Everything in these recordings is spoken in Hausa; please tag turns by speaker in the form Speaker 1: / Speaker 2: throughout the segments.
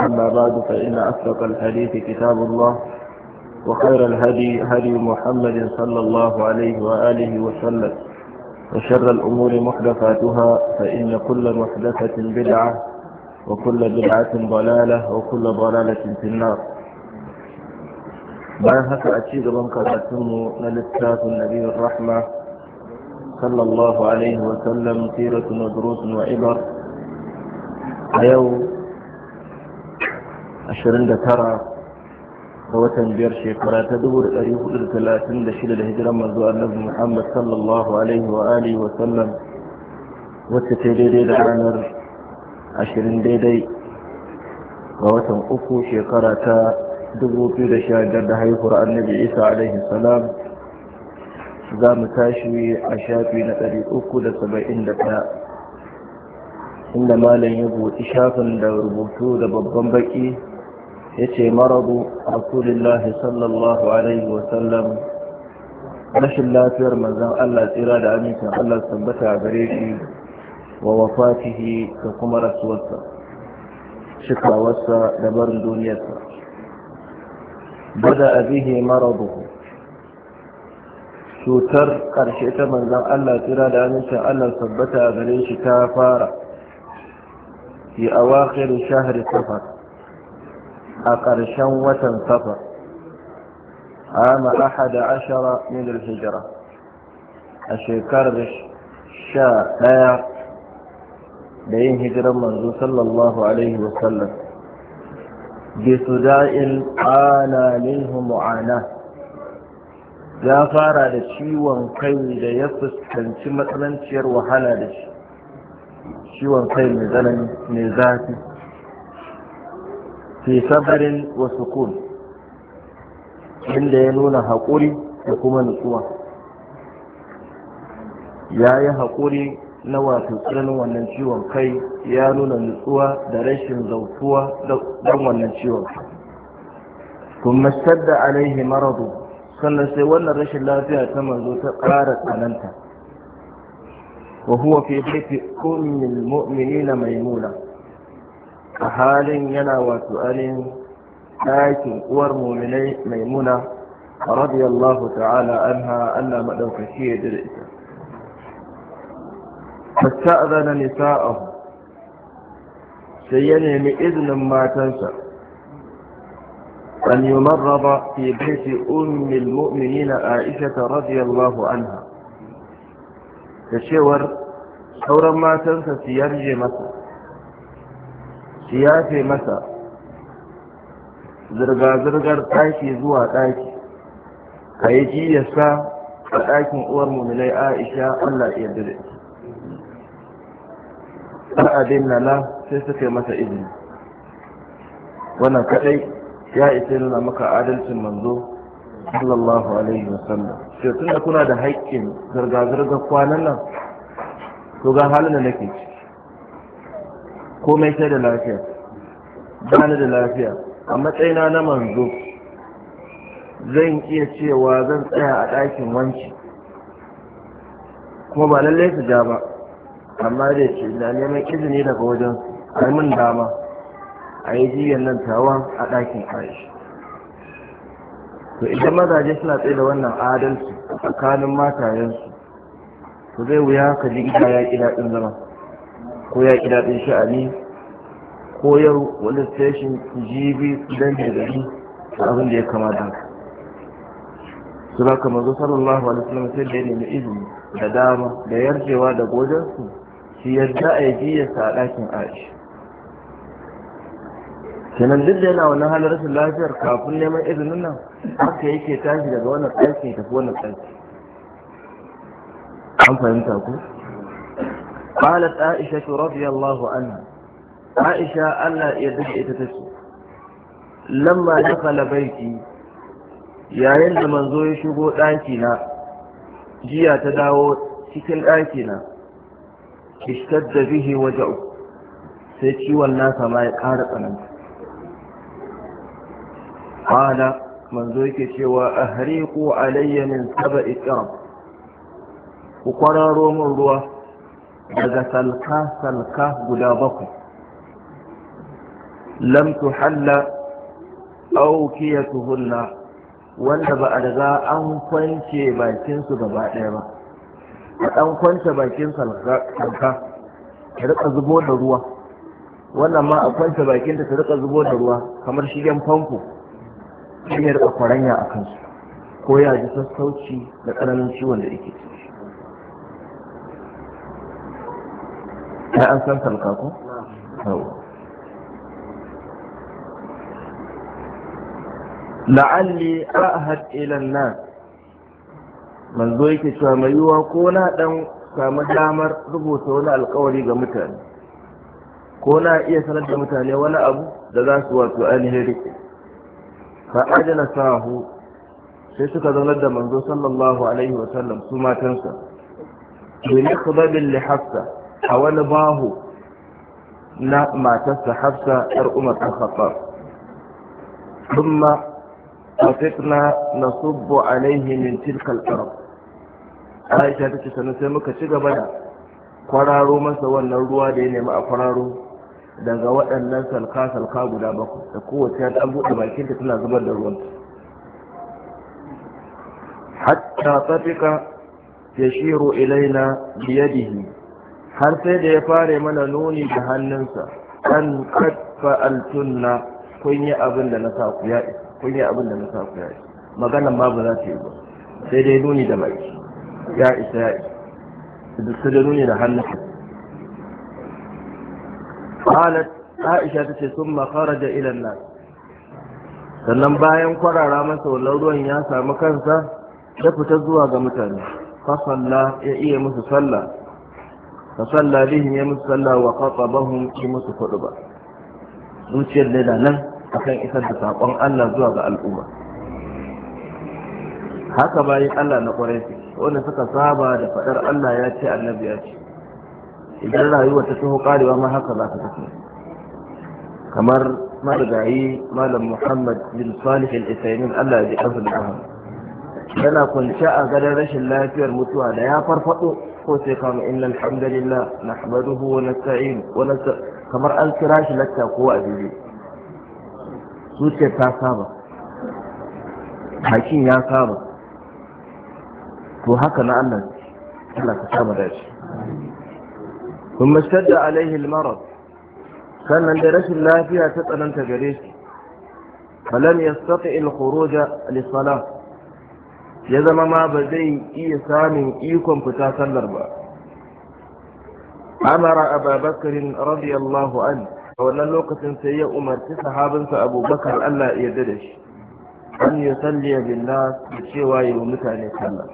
Speaker 1: أما بعد فإن أصدق الحديث كتاب الله وخير الهدي هدي محمد صلى الله عليه وآله وسلم وشر الأمور محدثاتها فإن كل محدثة بدعة وكل بدعة ضلالة وكل ضلالة في النار ما هك أشيد من gaban karatunmu النبي الرحمة صلى الله عليه وسلم سيرة ودروس وعبر أيوه 29 ga watan biyar shekara ta 436 da hijiran manzo annabi Muhammad sallallahu alaihi wa alihi wa sallam wacce ta daidai da ranar 20 daidai ga watan uku shekara ta 2015 da haihuwar annabi Isa alaihi salam za mu tashi a shafi na 371 inda malam ya buɗi shafin da rubutu da babban baki yace maradu rasulullahi sallallahu alaihi wa sallam rashin lafiyar manzon Allah tsira da amincin Allah tabbata gare shi wa wafatihi da kuma rasuwarsa shikawarsa da barin duniyarsa bada abihi maraduhu cutar ƙarshe ta manzon Allah tsira da amincin Allah tabbata a gare shi ta fara fi awakhir shahri safar a ƙarshen watan safa a ma ahada ashara min hijira a shekarar sha ɗaya da yin hijirar manzo sallallahu alaihi wasallam bi su da'il ana minhu mu'ana ya fara da ciwon kai da ya fuskanci matsananciyar wahala da shi ciwon kai mai zafi fi sabarin wa sukun inda ya nuna haƙuri da kuma nutsuwa ya yi haƙuri na wato tsananin wannan ciwon kai ya nuna nutsuwa da rashin zautuwa don wannan ciwon kai kuma da alaihi maradu sannan sai wannan rashin lafiya ta manzo ta ƙara tsananta wa huwa fi baiti ummil mai maimuna a halin yana wato alin ɗakin uwar muminai maimuna radiyallahu ta'ala anha Allah maɗaukaci ya da ita fasta'zana nisa'ahu sai ya nemi izinin matansa an yumarraba fi baiti ummi almu'minin Aisha radiyallahu anha da cewar sauran matansa su yarje masa shi yafe masa zirga-zirgar ɗaki zuwa ɗaki ka yi jiyarsa a ɗakin uwar muminai aisha allah ya dire sa'adin nana sai suka yi masa izini wannan kaɗai ya isa nuna maka adalcin manzo sallallahu alaihi wasallam sai tun da kuna da haƙƙin zirga-zirgar kwanan nan to ga halin da nake ci komai sai da lafiya ni da lafiya a matsayina na manzo zan iya cewa zan tsaya a ɗakin wanci kuma ba lallai su ja ba amma da ce na neman izini daga wajen mun dama a yi jiyan nan tawa a ɗakin ƙarshe. to idan mazaje suna tsaye da wannan adalci tsakanin matayensu to zai wuya ka ji ita ya ƙi daɗin zama ko ya ƙi daɗin sha'ani ko yau wani station jibi don da abin da ya kama da su ba kamar zo sallallahu alaihi wasallam sai da ya nemi izini da dama da yarjewa da gojansu su yadda a yi ya sa ɗakin aisha kenan duk da yana wani halar rashin lafiyar kafin neman izinin nan haka yake tashi daga wani ɗakin tafi wani ɗakin an fahimta ku قالت عائشة رضي الله عنها عائشة ألا يدري إتتسو لما Yayin da Manzo ya shigo يشبو jiya ta dawo cikin ɗakina da bihi waja'u sai ciwon nasa ma ya ƙara tsananta ƙala manzo yake cewa a hariku alayya min saba ikram ku kwararo min ruwa daga salka-salka guda bakwai lam tuhalla aukiyatuhunna wanda ba a daga an kwance bakinsu gaba ɗaya ba a ɗan kwance bakin salka ta rika zubo da ruwa wannan ma a kwance bakinta ta rika zubo da ruwa kamar shigen famfo shi ne rika kwaranya a kansu ko ya ji sassauci da tsananin ciwon da yake ciki ya an san salka ko la'alli ahad ila nas manzo yake cewa mai yiwa ko na dan samu damar rubuta wani alkawari ga mutane ko na iya sanar da mutane wani abu da za su wato ainihin rike fa ajala sahu sai suka zaunar da manzo sallallahu alaihi wa sallam, su matansa bi nikhdabin li hafsa a wani bahu na matarsa hafsa ɗar umar a fitna na subbo a alaihi min tilka a yi aisha tace sanin sai muka ci gaba da kwararo masa wannan ruwa da ya nemi a kwararo daga waɗannan salka-salka guda bakwai da kowace ya ɗan buɗe bakinta tana zubar da ruwan hatta tsafika ya shiro ilaina biyadihi har sai da ya fare mana nuni da hannunsa an kadfa altunna kun yi abin da na sa ku ya kun yi abin da na sa ku ya magana ma ba za ta yi ba sai dai nuni da mai, ya isa ya isa sai da nuni da hannunsa qalat aisha tace summa kharaja ila an sannan bayan kwarara masa wannan ruwan ya samu kansa ya fita zuwa ga mutane fa ya iya musu sallah fa salla bihim ya musu salla wa qatabahum ki musu kudu ba zuciyar da nan akan isar da sakon Allah zuwa ga al'umma haka bayan Allah na kwarai wanda suka saba da faɗar Allah ya ce annabi ya ce idan rayuwa ta taho karewa ma haka za ta tafi kamar marigayi malam muhammad bin salih al-isaimin Allah ya ji azul yana kunce a gadon rashin lafiyar mutuwa da ya farfaɗo. فوتقام إن الحمد لله نحمده ونستعين ونستعين كما الكراش لك قوة دي سوتك تاسابة حكين يا سابة فوهاك نعلم الله تسابة داش ثم اشتد عليه المرض كان عند رش الله فيها تتأل أنت جريش فلم يستطع الخروج للصلاه ya zama ma ba zai iya samun ikon fita sallar ba amara ababakarin radiyallahu an a wannan lokacin sai ya umarci sahabinsa abubakar allah ya da shi an yi salliya billah da cewa yi wa mutane sallah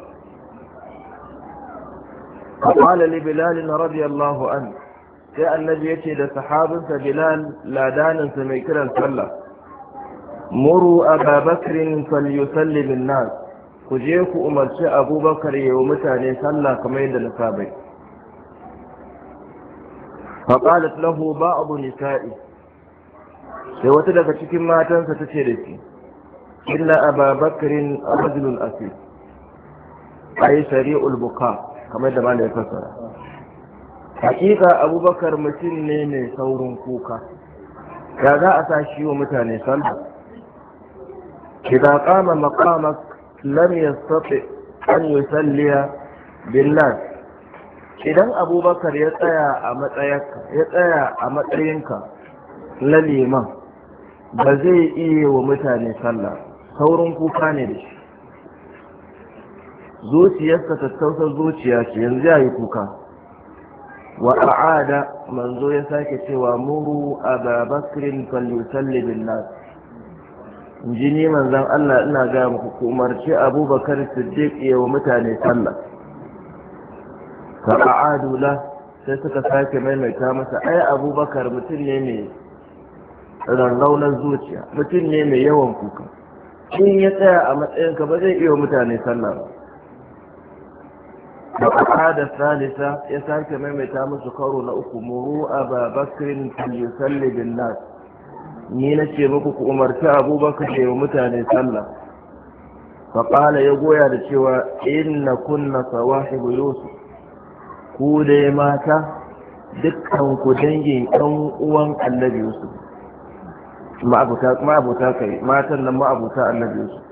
Speaker 1: فقال لبلال رضي الله عنه sai annabi ya ce da sahabinsa bilal ladaninsa mai kiran sallah muru a babakirin falyusalli bin nas ku je ku umarci abubakar ya wa mutane sallah kamar yadda na saba faƙalat lahu ba abu nisa'i sai wata daga cikin matansa ta ce da shi illa ababakarin rajulun asir ay sari'ul buka kamar da malai fasara hakika abubakar mutum ne mai saurin kuka ya za a sa shi wa mutane sallah kida kama maqamak lam yastati an yusalliya billah idan abubakar ya tsaya a matsayinka na liman ba zai iya wa mutane sallah saurin kuka ne da shi zuciyarsa tattausar zuciya ce yanzu ya yi kuka wa a'ada manzo ya sake cewa muru a babakrin falusalli bin nasu ji ni manzan Allah ina gaya muku ku umarci abubakar siddiq ya wa mutane sallah fa'adu Adula sai suka sake maimaita masa ai abubakar mutum ne mai rarraunar zuciya mutum ne mai yawan kuka in ya tsaya a matsayinka ba zai iya mutane sallah ba da ƙasa da salisa ya sake maimaita musu karo na uku muru a babakrin filisalli bin nas ni na ce muku ku umarci abubakar da yi mutane sallah faƙala ya goya da cewa inna kunna sawahibu yusuf ku dai mata dukkan ku dangin ɗan uwan annabi yusuf ma'abuta kai matan nan ma'abuta annabi yusuf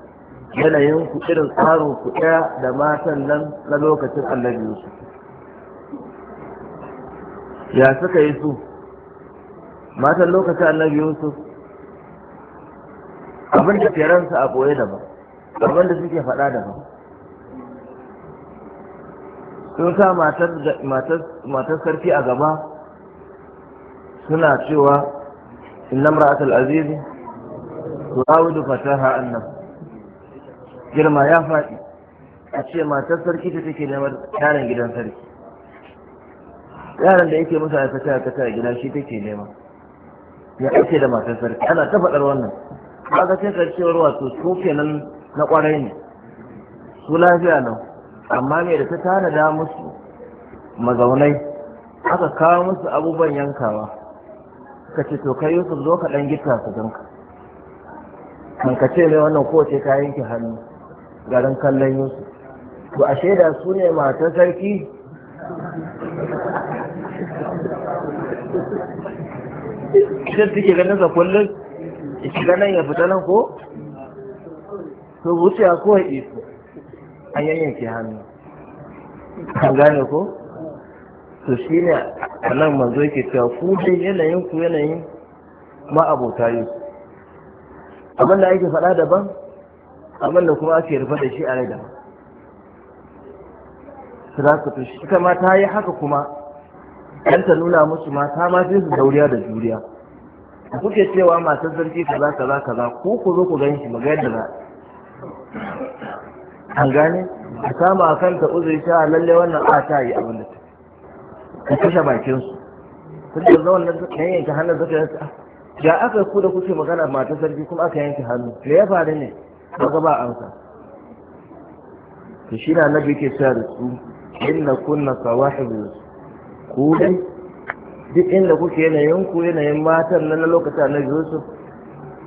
Speaker 1: yanayin ku irin tsarin ku ɗaya da matan nan na lokacin annabi yusuf ya suka yi su matan lokacin annabi yusuf abin da ke ransa a boye daban abin da suke faɗa daban sun sa matar sarki a gaba suna cewa innam ra'atul aziz tu'awidu fataha annab girma ya faɗi a ce matar sarki ta take neman yaran gidan sarki Yaran da yake musu aikata aikata a gida shi take nema ya ake da matar sarki ana ta faɗar wannan ba ka sai cewar wato su kenan na kwarai ne su lafiya nan amma me da ta tanada musu mazaunai aka kawo musu abubuwan yankawa ka ce to kai Yusuf zo ka dan gita su ganka kan ka ce mai wannan kowace ta yanke hannu garin kallon Yusuf to a shaida su ne matar sarki
Speaker 2: idan take ganin
Speaker 1: sa kullum Ishiga nan ya fita nan ko to wuciya ko ya iko an ke hannu an gane ko to shi ne a nan manzo yake cewa ku dai yanayin ku yanayin ma'abota yi abin da ake faɗa daban abin da kuma ake rufe da shi a rai daban to, shi kama ta yi haka kuma ɗan ta nuna musu mata ma sai su dauriya da juriya kuke cewa masu sarki kaza kaza kaza ko ku zo ku gan shi maga yadda za an gane a sama a kanta uzuri ta lalle wannan a ta yi abin da ta ka kashe bakin su sun da zaman nan suka yanke hannun suka yanke ya aka ku da kuke magana matan sarki kuma aka yanke hannu me ya faru ne ka ba amsa to shi na nabi ke sa da su inna kunna sawahibu ku dai duk inda kuke yanayin ku yanayin matan nan na lokacin na Yusuf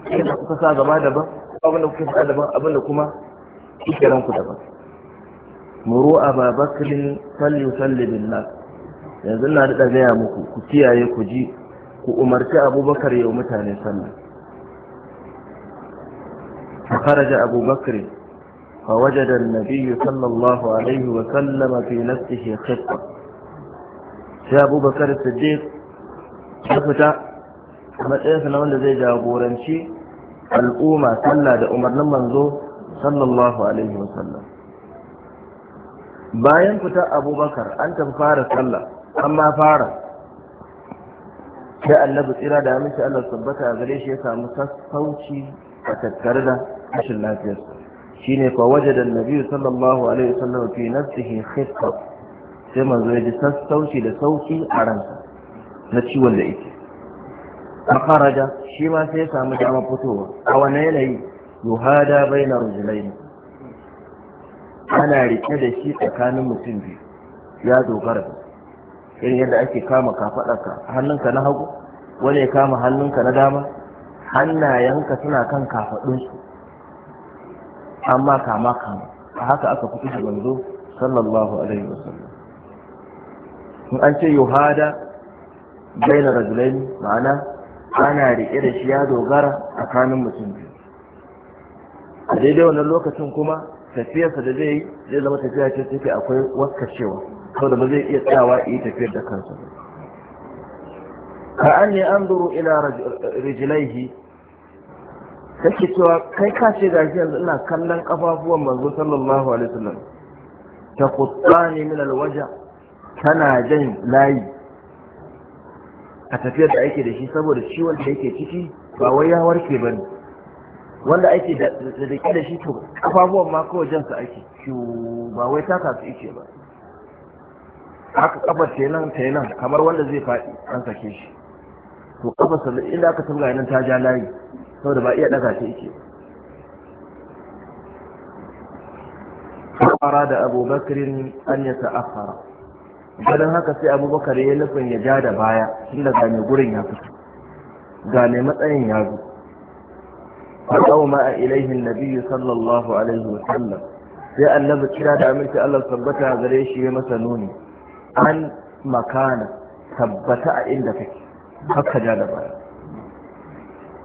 Speaker 1: inda kuka sa gaba daban abin da kuke faɗa daban abin da kuma kike ranku daban muru ababakrin sallu salli bin yanzu na da gaya muku ku kiyaye ku ji ku umarci abubakar yau mutane sallah فخرج أبو بكر فوجد النبي صلى الله عليه وسلم في نفسه خطة sai abubakar siddiq ya fita a matsayinsa na wanda zai jagoranci al'umma sallah da umarnin manzo sallallahu alaihi wasallam bayan fita abubakar an tafi fara sallah an fara sai annabi tsira da amince allah tabbata a gare shi ya samu sassauci a tattare da rashin lafiyarsa shine waje da nabi sallallahu alaihi wasallam fi nafsihi khifa sai manzo ya ji sassauci da sauki a ransa na ciwon da ita. makaraja shi ma sai ya samu dama fitowa a wani yanayi yuhada bai na ne. ana rike da shi tsakanin mutum biyu ya dogara da irin yadda ake kama kafaɗarka hannunka na hagu wani ya kama hannunka na dama hannayenka suna kan kafaɗinsu amma kama kama a haka aka fito da manzo sallallahu alaihi wasallam in an ce yuhada bayan rajulaini ma'ana ana riƙe da shi ya dogara a kanin mutum biyu a daidai wannan lokacin kuma tafiyarsa da zai yi zai zama tafiya ce take akwai waskacewa saboda ba zai iya tsawa yi tafiyar da kansa ka an ne an duru ila rijilaihi kake cewa kai ka ce ga shi yanzu ina kallon kafafuwan manzo sallallahu alaihi wasallam ta kutsani min alwaja tana jan layi a tafiyar da ake da shi saboda ciwon da yake ciki ba wai ya warke ba ne wanda ake da da da shi to kafafuwan ma kawai jan su ake ba wai ta su ike ba haka kafar tenan nan kamar wanda zai faɗi an sake shi to kafar sa inda aka tunga nan ta ja layi saboda ba iya daga ta ike ba da Abu Bakr an ya ta'akhara ganin haka sai abubakar ya nufin ya ja da baya tun da ga mai gurin ya fito ga mai matsayin ya zo A ma a ilaihin nabiyyu sallallahu alaihi wa sallam sai annabi kira da aminci allah tabbata gare shi ya masa nuni an makana tabbata a inda kake haka ja da baya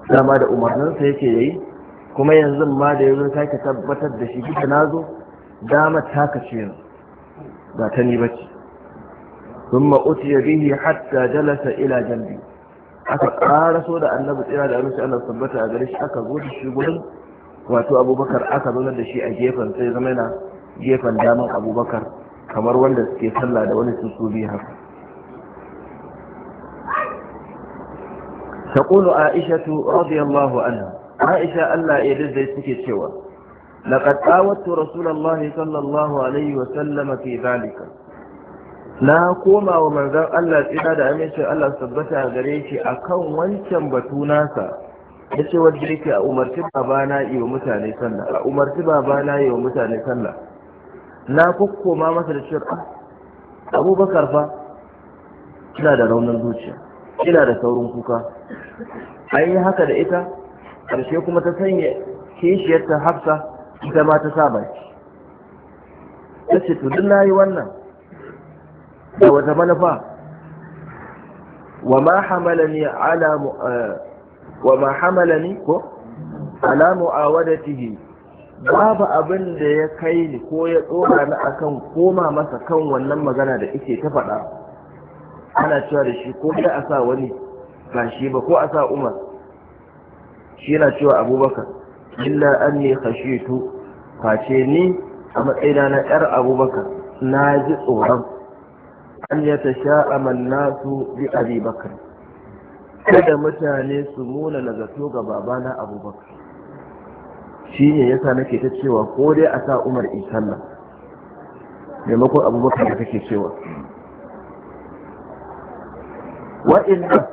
Speaker 1: dama da umarninsa yake yayi kuma yanzu ma da yanzu sake tabbatar da shi gida na zo dama ta kace ga ta ni bace ثم أتي به حتى جلس إلى جنبي aka ƙaraso da annabi tsira da aminci Allah tabbata a gare shi aka zo da shi gurin wato abubakar aka zo da shi a gefen sai zama yana gefen daman abubakar kamar wanda suke sallah da wani su biyu haka تقول عائشة رضي الله عنها عائشة ألا يدد يسكي سوى لقد آوت رسول الله sallallahu alaihi wa وسلم في ذلك na koma wa manzan Allah tsira da amincin Allah tabbata a gare shi a kan wancan batu nasa ya ce wadda yake a umarci babana iya mutane sallah a umarci babana yi mutane sallah na kokkoma masa da cewa ah, abubakar fa Kina da raunin zuciya Kina da saurin kuka an yi haka da ita karshe kuma ta sanya kishiyarta hafsa ita ma ta saba ta ce to duk na yi wannan da wata manufa wa ma hamalani ala eh, wa ma hamalani ko babu abin da ya kai ni ko ya tsoka ni akan koma masa kan wannan magana da ike ta faɗa ana cewa da shi ko da a sa wani ba shi ba ko a sa umar shi yana cewa abubakar illa an ne kashe tu face ni a matsayina na yar abubakar na ji tsoron an ya ta amanna su bi abi bakar kada mutane su muna nazarto ga babana abubakar shi ne ya yasa nake ta cewa ko dai a sa umar isalla maimakon abubakar da kake cewa Wa wa'inda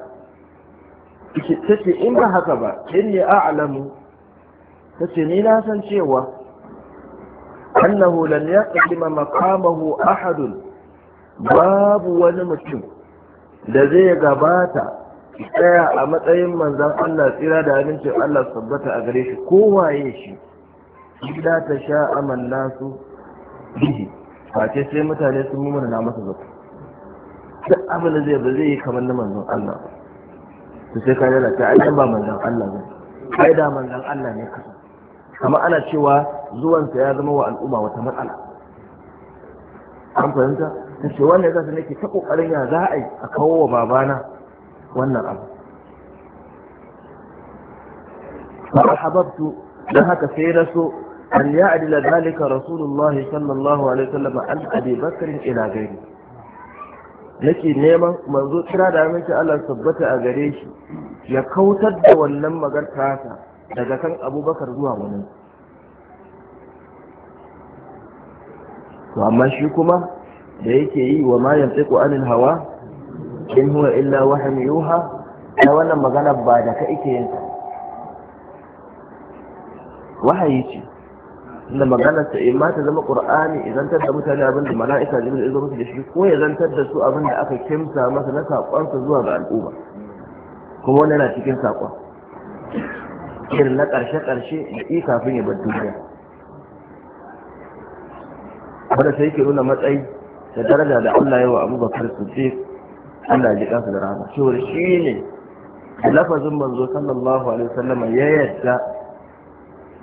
Speaker 1: ta ce in ba haka ba in ne Alamu." ta ce ni na san cewa annahu lan yaqdima maqamahu ahadun babu wani mutum da zai gabata tsaya a matsayin manzan Allah tsira da amincin Allah sabbata a gare shi ko waye shi gida ta sha aman nasu bihi face sai mutane sun mumuna na masa zato duk abin da zai ba zai yi kamar na manzan Allah to sai ka ta ai ba manzan Allah ba ai da manzan Allah ne kasa kama ana cewa zuwansa ya zama wa al'umma wata matsala an fahimta ta ce wannan zasu nake ta kokarin ya za a yi a kawo wa babana wannan abu fa hababtu dan haka sai na so an ya adila zalika rasulullahi sallallahu alaihi wasallam an abi bakr ila gairi nake neman manzo kira da miki Allah tabbata a gare shi ya kautar da wannan magartasa daga kan abubakar zuwa wani to amma shi kuma da yake yi wa ma ku anil hawa in huwa illa wahyu yuha ai wannan magana ba da ka ike yin ta wahayi ce inda magana ta imma ta zama qur'ani idan da mutane abin da mala'ika jibril ya zo musu da shi ko ya zantar da su abin da aka kimsa masa na saƙonsa zuwa ga al'umma kuma wannan yana cikin saƙon irin na ƙarshe-ƙarshe da kafin ya bar duniya wadda sai yake nuna matsayi da daraja da Allah yawa abubakar siddiq Allah ya ji kansa da rana cewar shi ne lafazin manzo sallallahu alaihi wasallam ya yadda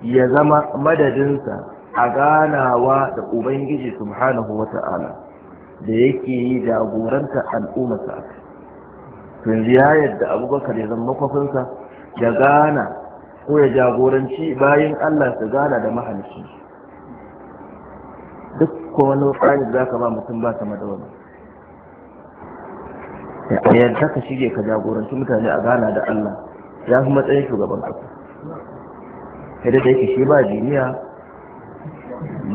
Speaker 1: ya zama madadinsa a ganawa da ubangiji subhanahu wata'ala da yake yi jagoranta al'ummarsa a yanzu ya yadda abubakar ya zama makwafinsa ya gana ko ya jagoranci bayan Allah su gana da mahalicci ko wani tsari za ka ba mutum ba sama da wani yadda ka shige ka jagoranci mutane a gana da Allah ya fi matsayin shugaban ƙasa yadda da yake shi ba jiniya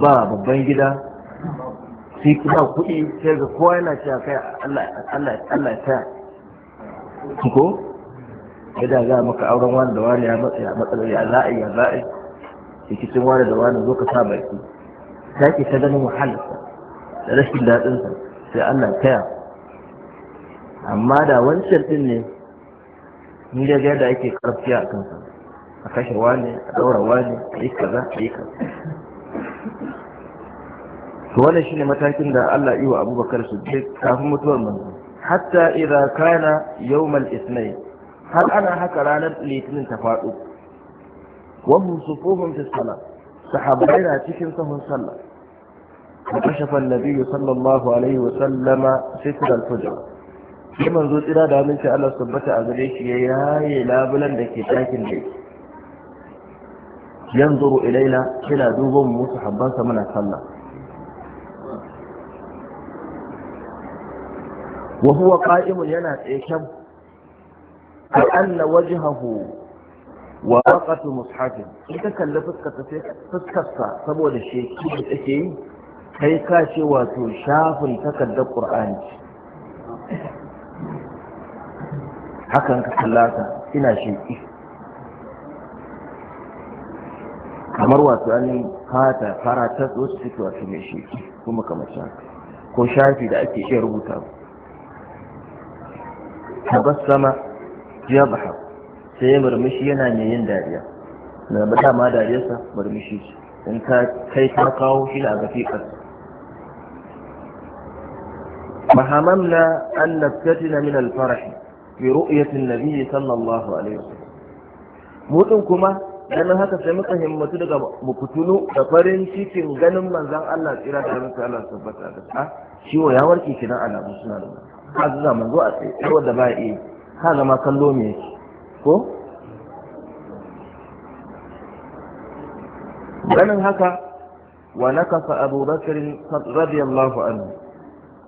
Speaker 1: ba babban gida sai kuma kuɗi sai ga kowa yana cewa kai Allah ya taya ko yadda za maka auren wani da wani ya matsayi ya za'a ya za'a rikicin wani da wani zo ka sa baki ta ta ganin wahalarsa da rashin daɗinsa sai Allah taya amma da wani ɗin ne ni da ga da ake karfi a kansa a kashe wani a ɗaura wani a yi kaza a yi kaza to wannan shine matakin da Allah yi wa Abubakar Siddiq kafin mutuwar manzo hatta idza kana yawmal ithnain har ana haka ranar litinin ta faɗo wa hum sufuhum fi salat sahabbai na cikin sahun sallah وكشف النبي صلى الله عليه وسلم ستر الحجر sai manzo tsira da aminci Allah tabbata a gare shi ya yaye labulan da ke ɗakin da yanzuru ilaina kina duban mu sahabbansa muna sallah wa huwa qa'imun yana tsayen ka anna wajhahu wa raqatu mushafin ita kalli fuskarsa sai fuskarsa saboda sheki da take yi kai ka ce wato shafin takardar ƙur'ani hakan ka kallata ina sheƙi kamar wato an fata fara ta wacce take wato mai sheƙi kuma kamar shafi ko shafi da ake iya rubuta tabassama yadhhab sai murmushi yana mai yin dariya na ba dama dariyarsa murmushi in ka kai ta kawo shi da a gafi ƙasa فهممنا أن نفتتن من الفرح برؤية النبي صلى الله عليه وسلم مؤمنكما dan haka sai muka himmatu daga mukutunu da farin cikin ganin manzon Allah tsira da manzon Allah tabbata da ta shi wa ya warke ki dan alamu suna da ka zuwa manzo a tsaye tsawon da ba yi ka zama kallo me yake ko ganin haka wa nakasa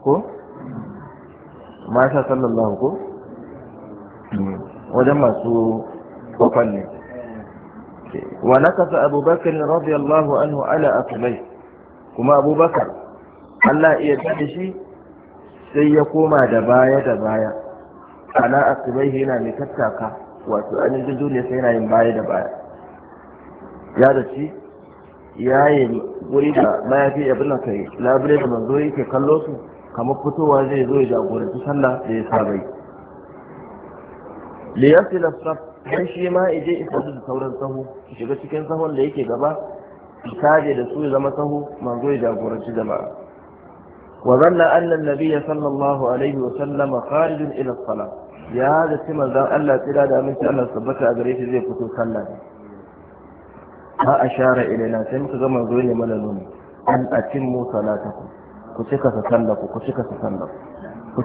Speaker 1: ko masha sallallahu ko wajen masu kofar ne wa na kasa abubakar radiyallahu anhu ala akulai kuma abubakar Allah iya tafi shi sai ya koma da baya da baya ana akulai yana mai tattaka wato an yi duniya sai yana yin baya da baya ya da shi ya yi wuri da mayafi abin da kai labule da manzo yake kallo su kamar fitowa zai zo ya jagoranci sallah da ya saba yi liyasila saf dan shi ma ije isa da sauran sahu shiga cikin sahun da yake gaba kaje da su ya zama sahu manzo ya jagoranci jama'a wa zanna annan an-nabiyya sallallahu alaihi wa sallama kharijun ila as ya da ci manzan Allah tsira da aminci Allah sabbata a gare shi zai fito sallah ne. ha ashara ilaina sai muka zama zo ne mana nuni an atimmu salatakum ku cika sa sallah ku ku cika sa sallah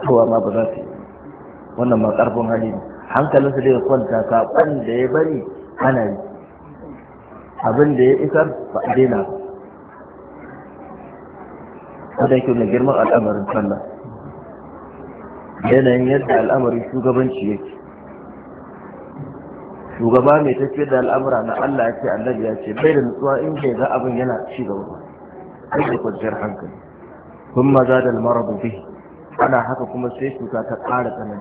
Speaker 1: cewa ma ba za su yi wannan ma karfin hali ne hankalin su dai kwanta saƙon da ya bari ana yi abin da ya isar ba a daina ba wanda yake mai girman al'amarin sallah yanayin yadda al'amarin shugabanci yake shugaba mai tafiyar da al'amura na Allah ya ce annabi ya ce bai da nutsuwa in bai ga abin yana ci gaba ba kai da kwanciyar hankali ثم زاد المرض به على حكى كما سيكتا تقارة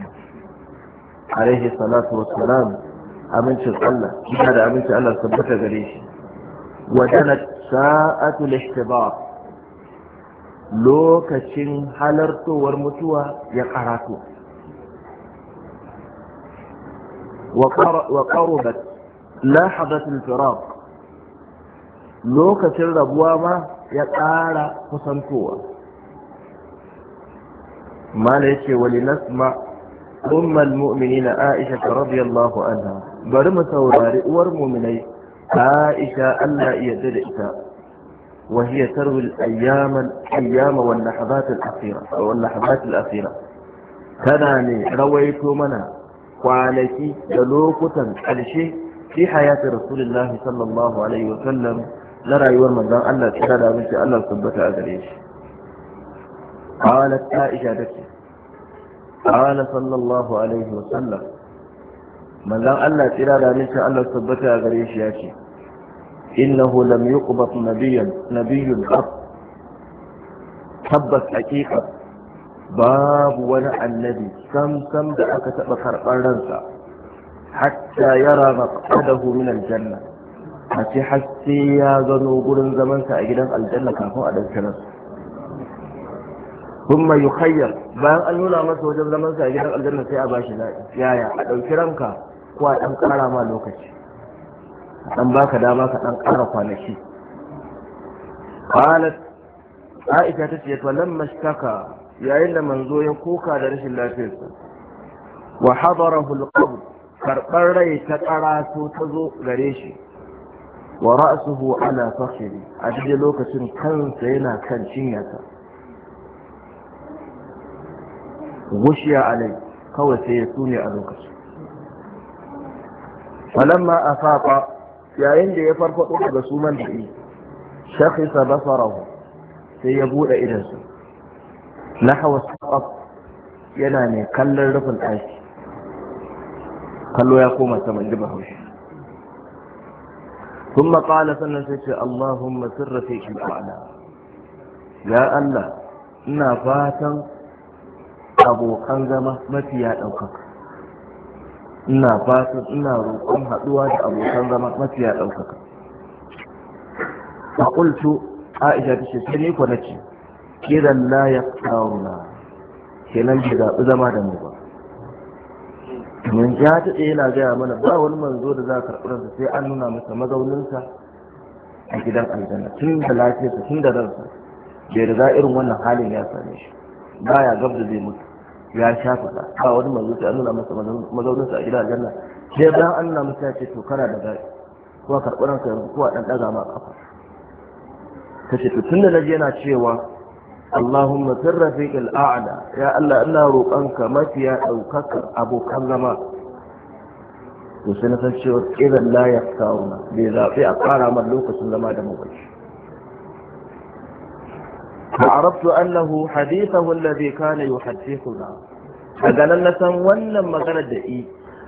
Speaker 1: عليه الصلاة والسلام أمن شاء الله هذا أمن شاء الله سبت ذليش ودنت ساعة الاحتبار لو كشن حلرت ورمتوا يقراكو وقربت لاحظت الفراق لو كشن ربوا ما يقارا فسنكوا mala yace wali nasma ummul mu'minina aisha radiyallahu anha bari mu saurari uwar mu'minai aisha Allah iya da ita wa hiya tarwi al-ayyam al-ayyam wal al-akhira al-akhira tana ne rawaito mana kwanaki da lokutan ƙarshe fi hayati rasulullahi sallallahu alaihi wa sallam na rayuwar manzon Allah tsira da miki Allah tabbata a gare shi قالت عائشة تكي قال صلى الله عليه وسلم من لا ألا ترى ذلك ألا ثبتها غريش ياكي إنه لم يقبط نبيا نبي قط tabbas hakika babu wani annabi sam sam da aka taɓa karɓar ransa hatta yara maqadahu min aljanna a ce har ya gano wurin zamansa a gidan aljanna kafin a ɗauki ransa thumma yukhayyar bayan an nuna masa wajen zaman sa gidan aljanna sai a bashi zaɓi yaya a ɗauki ranka ko a ɗan ƙara ma lokaci a baka dama ka ɗan ƙara kwanaki qalat aisha ta ce to lamma shtaka yayin da manzo ya koka da rashin lafiyarsa wa hadarahu alqabr karɓar rai ta ƙaraso ta zo gare shi wa ra'suhu ala fakhri a cikin lokacin kansa yana kan cinyata gushiya alai kawai sai ya sune a lokaci falamma afafa yayin da ya farfado daga suman da yi shakhisa basarahu sai ya bude idansa nahawa saqaf yana ne kallon rufin ɗaki kallo ya koma sama inji bahaushe ثم قال sannan sai ce Allahumma sirra fi ya Allah ina fatan abokan zama ya ɗaukaka ina fatan ina roƙon haɗuwa da abokan zama mafi ɗauka ɗaukaka a ƙultu aisha ta ce sai ni ku na ce kiran la ya ƙaruna kenan bai zaɓi zama da mu ba ya taɗe yana gaya mana ba wani manzo da za a karɓi sai an nuna masa mazauninsa a gidan aljanna tun da lafiyarsa tun da ransa bai riga irin wannan halin ya same shi baya gab da zai mutu ya sha ta, ba wani manzo sai an nuna masa mazaunin sa a gidan aljanna sai dan Allah nuna ce to kana da gari ko karɓar ka yanzu ko a dan daga ma kafa ta ce to tunda naje yana cewa Allahumma sirrafiq al-a'la ya Allah ina roƙonka mafiya daukaka abokan zama to sai na san cewa idan la yaftauna bai zaɓi a ƙara man lokacin zama da mu فعرفت أنه حديثه الذي كان يحدثنا فقال لنا وانا مغنى da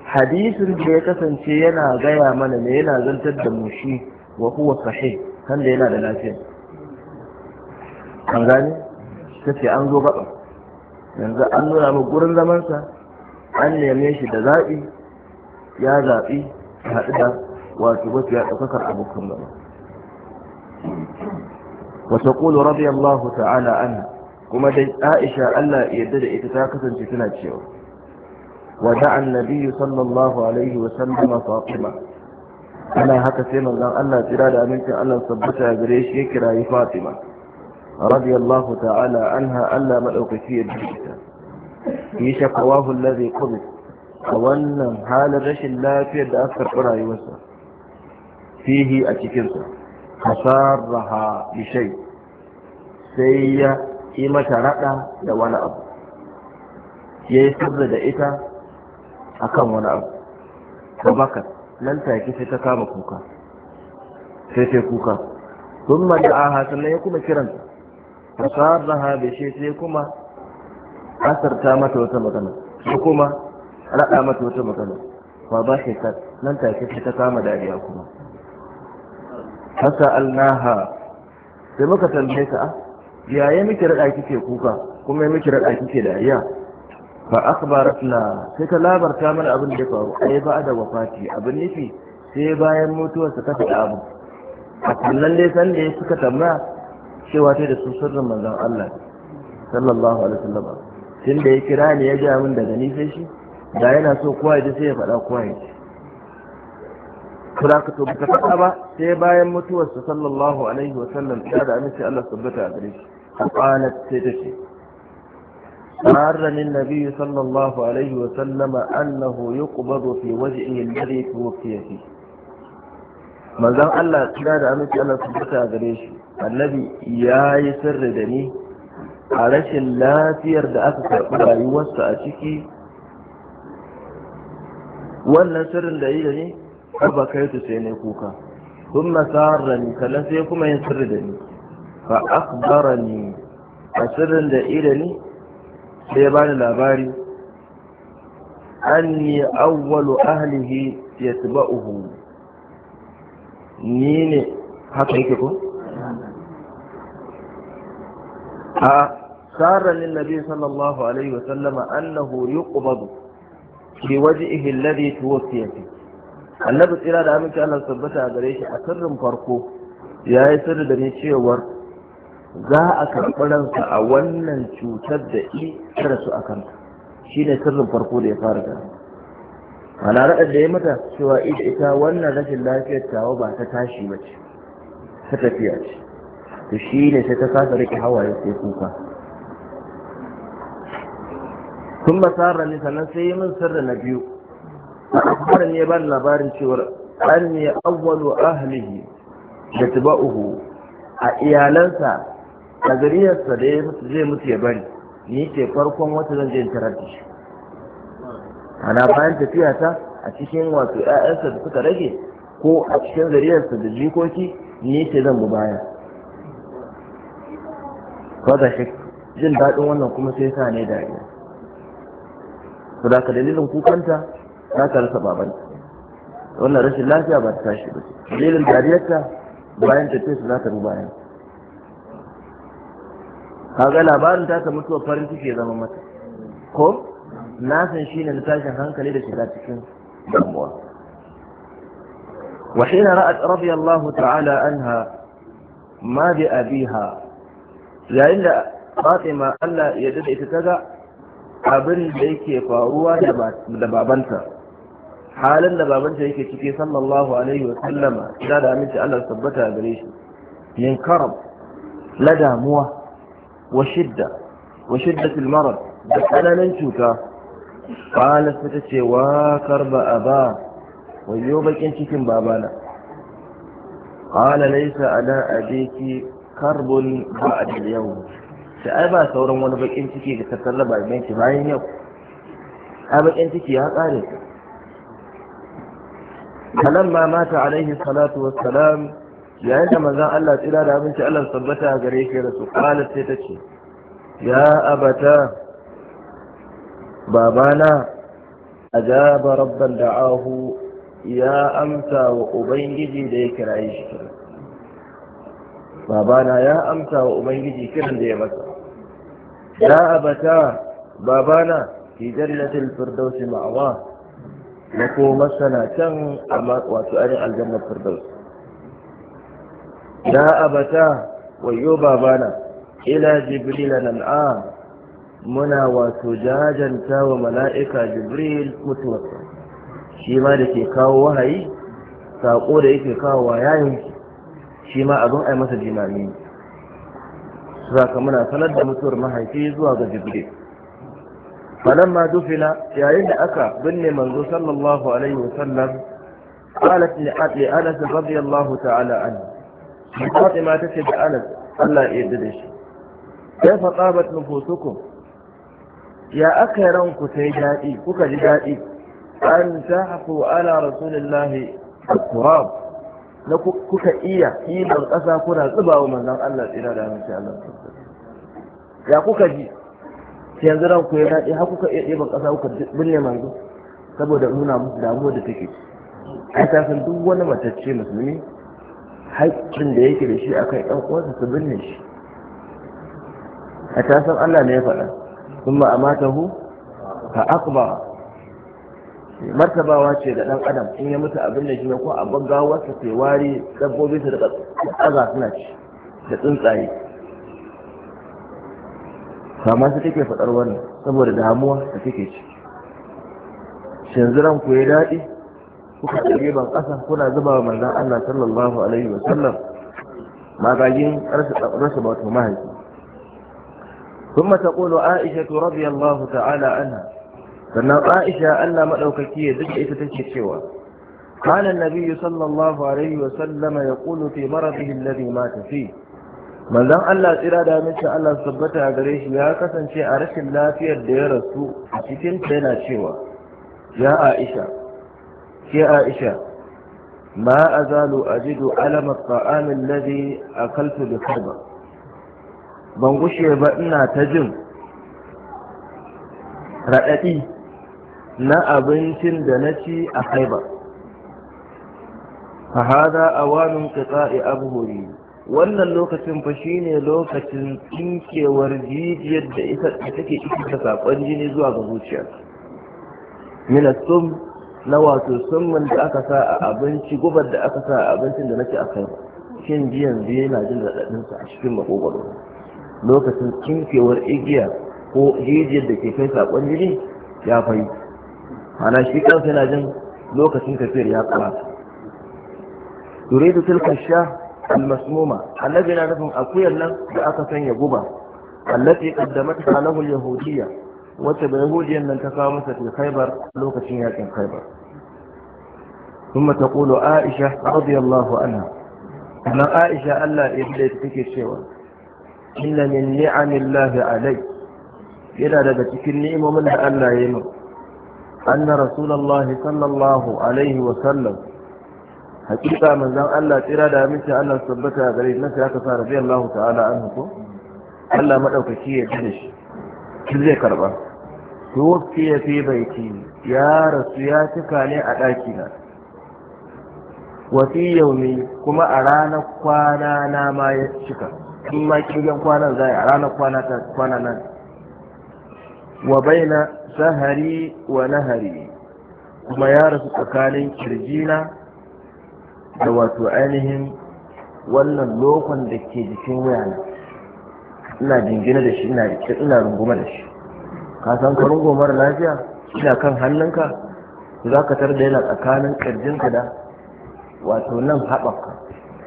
Speaker 1: حديث بيكسن شينا غيا من لينا زلت الدموشي وهو صحيح كان لينا للاسين kan gane ta ce an zo gaba yanzu an nuna mu gurin zamansa an neme shi da zaɓi ya zaɓi haɗu da wato wasu ya ɗaukakar abokan gaba وتقول رضي الله تعالى عنها كما دي عائشة ألا يدد إتتاكة تتناتشيو ودعا النبي صلى الله عليه وسلم فاطمة أنا هكا سيما لأن ألا تراد أمنك ألا صبتها بريش يكرا فاطمة رضي الله تعالى عنها ألا ملأقفية بيتا في شقواه الذي قبل وأن حال الرشل لا في أكثر قرأي وسا فيه أتكنسه fasarraha bishai sai ya yi mata rada da wani abu ya yi sabda da ita akan wani abu ta baka nan take sai ta kama kuka sai sai kuka sun maja'aha sannan ya kuma kiranta fasarraha bishai sai kuma asarta mata wata magana sai kuma rada mata wata magana fa ba shi nan take sai ta kama dariya kuma alnaha sai muka tambaye ta yaya miki rada kike kuka kuma ya miki rada kike dariya fa akhbaratna sai ta labarta mana abin da ya faru ai ba da wafati abin nufi sai bayan mutuwar ta faɗi abu a kullun dai san da suka tambaya cewa ta da su sirrin manzon Allah sallallahu alaihi wasallam tunda da ya kira ni ya ga min daga ni sai shi da yana so kowa ya sai ya faɗa kowa kula ka tobi ta faɗa ba sai bayan mutuwarsa sallallahu alaihi wa sallam ta da amince Allah tabbata a gare shi qalat sai ta ce qarrani nabi sallallahu alaihi wa sallam annahu yuqbadu fi wajhihi alladhi tuwfiya fi manzon Allah ta da amince Allah tabbata a gare shi annabi yayi sirri da ni a rashin lafiyar da aka karɓi rayuwarsa a ciki wannan sirrin da yi da ni har ba kai su sai ne kuka sun nasarar ni kala sai kuma yin sirri da ni ba a bara ni a sirrin da ida ni sai ba ni labari an ni awwalu ahlihi ya tuba uhu ni ne haka yake ko a sarar ni nabi sallallahu alaihi wasallama annahu yi ƙubadu ke waje ihin lade tuwo fiye fiye annabi tsira da aminci Allah tabbata a gare shi a sirrin farko ya yi sirri da ni cewar za a karɓi ransa a wannan cutar da i tara su a kanta shi ne sirrin farko da ya fara gani ana raɗar da ya mata cewa ita ita wannan rashin lafiyar tawa ba ta tashi ba ce ta tafiya ce to shi ne sai ta kasa riƙe hawaye sai kuka sun masarar ne sannan sai yi min sirri na biyu har ne ban labarin cewar an ne awwalu ahlihi da tuba'uhu a iyalansa a zariyarsa da ya mutu zai mutu ya bari ni ke farkon wata zan je tarar da shi ana bayan tafiya ta a cikin wato ƴaƴansa da suka rage ko a cikin zariyarsa da jikoki ni ke zan bu baya kada shi jin daɗin wannan kuma sai sa ne da dariya saboda dalilin kukanta za ta rasa babanta wannan rashin lafiya ba ta tashi ba dalilin dariyarta bayan ta su za ta bi bayan kaga labarin ta ta mutuwa farin ciki ya zama mata ko na san shine na tashin hankali da shiga cikin damuwa وحين رأت رضي الله تعالى عنها ما بأبيها لأن فاطمة ألا يدد إتتدع abin da yake faruwa da babanta halin da babanta yake ciki sallallahu alaihi wa sallama ina da aminci Allah tabbata gare shi min karab la damuwa wa shidda wa shiddatul marad da tsananin cuta qalat ta ce wa karba aba wayo bakin cikin babana qala laysa ala abiki karbun ba'd al-yawm sai ai ba sauran wani bakin ciki da ta sallaba bayan yau ai bakin ciki ya kare falamma mata alaihi salatu wassalam yayin da manzon Allah tsira da abinci Allah sabbata gare shi rasu qalat sai ta tace ya abata babana ajaba rabban da'ahu ya amsa wa ubangiji da ya kira shi babana ya amsa wa ubangiji kiran da ya masa ya abata babana fi jannatil firdausi ma'awa ko masana can amma wato ainihin aljannar firdaus da abata wayo babana ila jibril nan a, muna wato jajanta wa mala'ika jibril mutuwarsa shi ma da ke kawo wahayi saƙo da yake kawo wa yayin shi ma abin ai masa jimami saka muna sanar da mutuwar mahaifi zuwa ga jibril فلما دفن يا yayin da aka binne صلى الله عليه وسلم قالت لأنس رضي الله تعالى عنه فاطمة تسد أنس الله يدريش كيف طابت نفوسكم يا أكرمك سيدائي كك جدائي أن تحفوا على رسول الله التراب لكك إيا إيا القسا كنا زبا ومن الله إلا لا إن شاء الله يا كك جي yanzu ran ku ya daɗe har kuka iya ɗiban ƙasa kuka binne manzo saboda nuna musu damuwar da take ai ta san duk wani matacce musulmi haƙƙin da yake da shi akan ƴan uwansa su binne shi a ta san Allah ne ya faɗa kuma ma amatahu ka akba martabawa ce da ɗan adam in ya mutu abin da shi ko a gaggawarsa sai wari dabbobi su da ƙaga suna ci da tsuntsaye kama su take faɗar wani, saboda damuwa da take ciki shanzuran ku ya daɗi kuka tsage ban ƙasa kuna zuba wa manzan Allah sallallahu alaihi wa sallam magagin rasa wato mahaifi ثم تقول عائشة رضي الله تعالى عنها sannan Aisha Allah madaukaki ya duka ita take cewa kana annabi sallallahu alaihi wa sallama yaqulu fi maradihi manzan Allah tsira da mace Allah tabbata a gare shi ya kasance a rashin lafiyar da ya rasu a cikin yana cewa ya Aisha ke Aisha ma jido ajidu alama lade a akaltu da karba ban gushe ba ina ta jin Raɗaɗi. na abincin da na ci a haiba fa hada awanun abu abhuri wannan lokacin fa shine lokacin tsinkewar jijiyar da ita take ita da sakon jini zuwa ga zuciya mina sum na wato summan da aka sa a abinci gubar da aka sa a abincin da nake a shin ji yanzu yana jin raɗaɗin sa a cikin makogwaro lokacin tsinkewar igiya ko jijiyar da ke kai sakon jini ya fai ana shi kansa yana jin lokacin tafiyar ya kara da tilkar sha almasmuma annabi na nufin akuyar nan da aka sanya guba allati qaddamatha lahu yahudiyya wacce bai yahudiyyan nan ta kawo masa fil khaybar lokacin yakin khaybar ثم تقول عائشة رضي الله عنها أن عائشة ألا إبليت فيك سوى إن من نعم الله علي إلى لدتك النعم ومنها ألا يمر أن رسول الله صلى الله عليه وسلم hakika manzon Allah tsira da aminci Allah tabbata a gare nan sai aka fara bi Allah ta'ala an ko Allah madaukaki ya dade shi shi zai karba tuwfi ya fi baiti ya rasu ya cika ne a daki na wa fi yaumi kuma a ranar kwana na ma ya cika in ma kirgen kwanan zai a ranar kwana ta kwana nan wa baina sahari wa nahari kuma ya rasu tsakanin kirjina da wato ainihin wannan lokon da ke jikin wuyana ina jingina da shi ina rike runguma da shi ka san ka da lafiya ina kan hannunka za ka tar da yana tsakanin ƙirjinka da wato nan haɓaka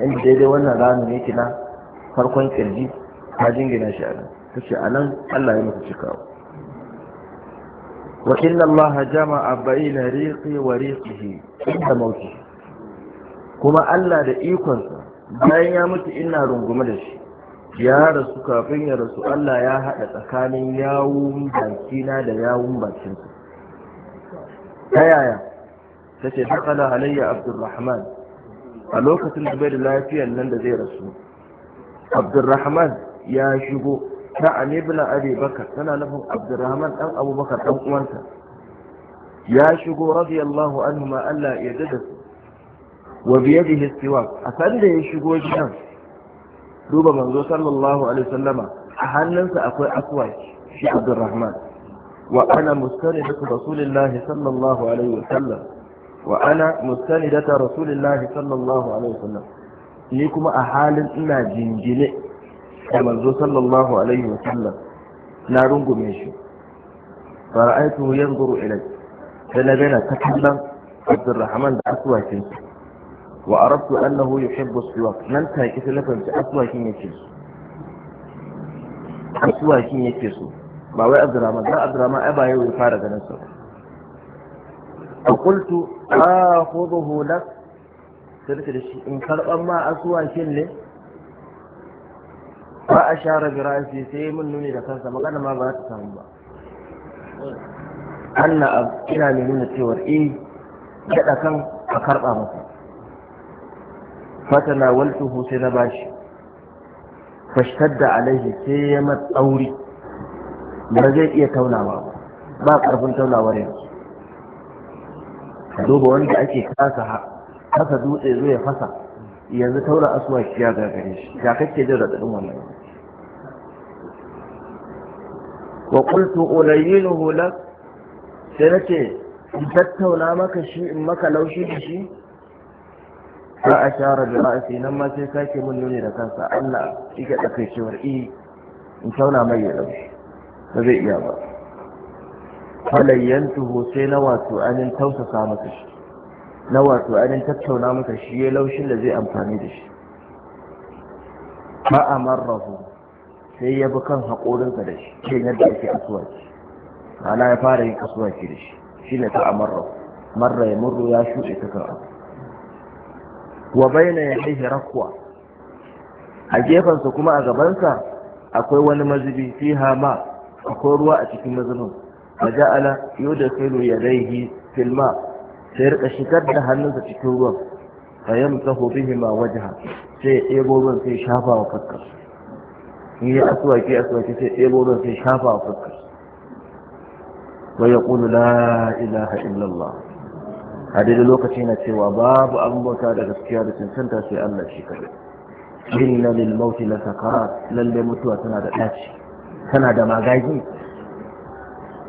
Speaker 1: inda daidai wannan ramin ne na farkon ƙirji ka jingina shi a nan ta ce a nan allah ya mutu cikawa wa inna allaha jama'a bayyana riqi wa riqihi inda mauti kuma Allah da ikonsa bayan ya mutu ina rungume da shi ya rasu kafin ya rasu Allah ya haɗa tsakanin yawun bakina da yawun bakinsa ta yaya ta ce haƙala halayya abdulrahman a lokacin da bai da lafiyan nan da zai rasu abdulrahman ya shigo ta anibla abi bakar tana nufin abdulrahman ɗan abubakar ɗan uwansa ya shigo radiyallahu anhu ma Allah ya dada su wa biyadihi a sanda ya shigo gidan duba manzo sallallahu alaihi wasallama a hannunsa akwai aswaki shi abdurrahman wa ana mustanidatu rasulillahi sallallahu alaihi wa ana ni kuma a halin ina jingine da manzo sallallahu alaihi wasallam na rungume shi fara'aituhu yanzuru ilai sai na ga da aswakinsa wa arabtu annahu yuhibbu as-siwak nan ta ki talafin ta aswakin yake so aswakin yake so ba wai azrama da azrama ai ba yau ya fara ganin sa kultu a akhudhu lak sai da shi in karban ma aswakin ne ba a share ra'si sai mun nuni da kansa magana ma ba ta samu ba anna ina mai nuna cewar eh kada kan a karɓa masa fatana waltuhu sai na bashi fashtadda alaihi sai ya matsauri ba zai iya taunawa ba ba karfin taunawar yanzu duba wanda ake kasa kasa dutse ya fasa yanzu taura asuwa shi ya gagare shi ya kake da raɗaɗin wannan wa qultu ulayyinuhu lak sai nace in tattauna maka shi in maka laushi da shi a shara bi ra'asi nan ma sai sake mun nuni da kansa Allah yake dakai cewa eh in tauna mai ya dauki ba zai iya ba falayyantuhu sai na wato anin tausasa masa shi na wato anin tattauna masa shi ya laushin da zai amfani da shi ma amarrahu sai ya bi kan haƙorinsa da shi da yadda ake asuwaci ma'ana ya fara yin asuwaci da shi shi ne ta amarrahu marra ya murru ya shuɗe ta kan abu wa baina yadayhi rakwa a gefansa kuma a gabansa akwai wani mazubi fiha ma akwai ruwa a cikin mazubin da yudkhilu yadayhi fil ma sai rika shigar da hannunsa cikin ruwan fa yamsahu bihima wajha sai ya ɗebo ruwan sai shafa wa fuskar in yi asuwaki asuwaki sai ɗebo ruwan sai shafa wa Wai wa yaqulu la ilaha illallah a lokaci na cewa babu an bauta da gaskiya da cancanta sai Allah shi kaɗai inna lil mauti la sakara lalle mutuwa tana da ɗaci tana da magagi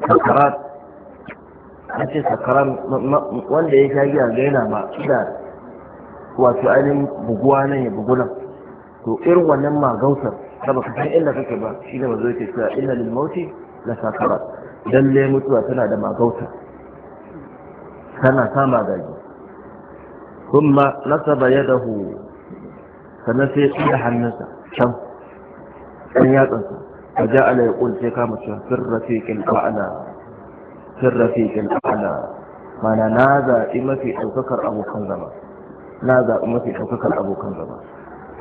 Speaker 1: sakarat an ce sakarat wanda ya sha giya ga yana ma da wato ainihin buguwa nan ya bugu nan to irin wannan magautar, da baka san inda kake ba shine mazo yake cewa inna lil mauti la sakara lalle mutuwa tana da magautar. tana sama gaji kuma nasaba ya dahu sannan sai ya tsira hannunsa can ɗan yatsansa a ja ala ya ƙul kama cewa firrafiƙin ba'ala firrafiƙin ba'ala mana na zaɓi mafi ɗaukakar abokan zama na zaɓi mafi ɗaukakar abokan zama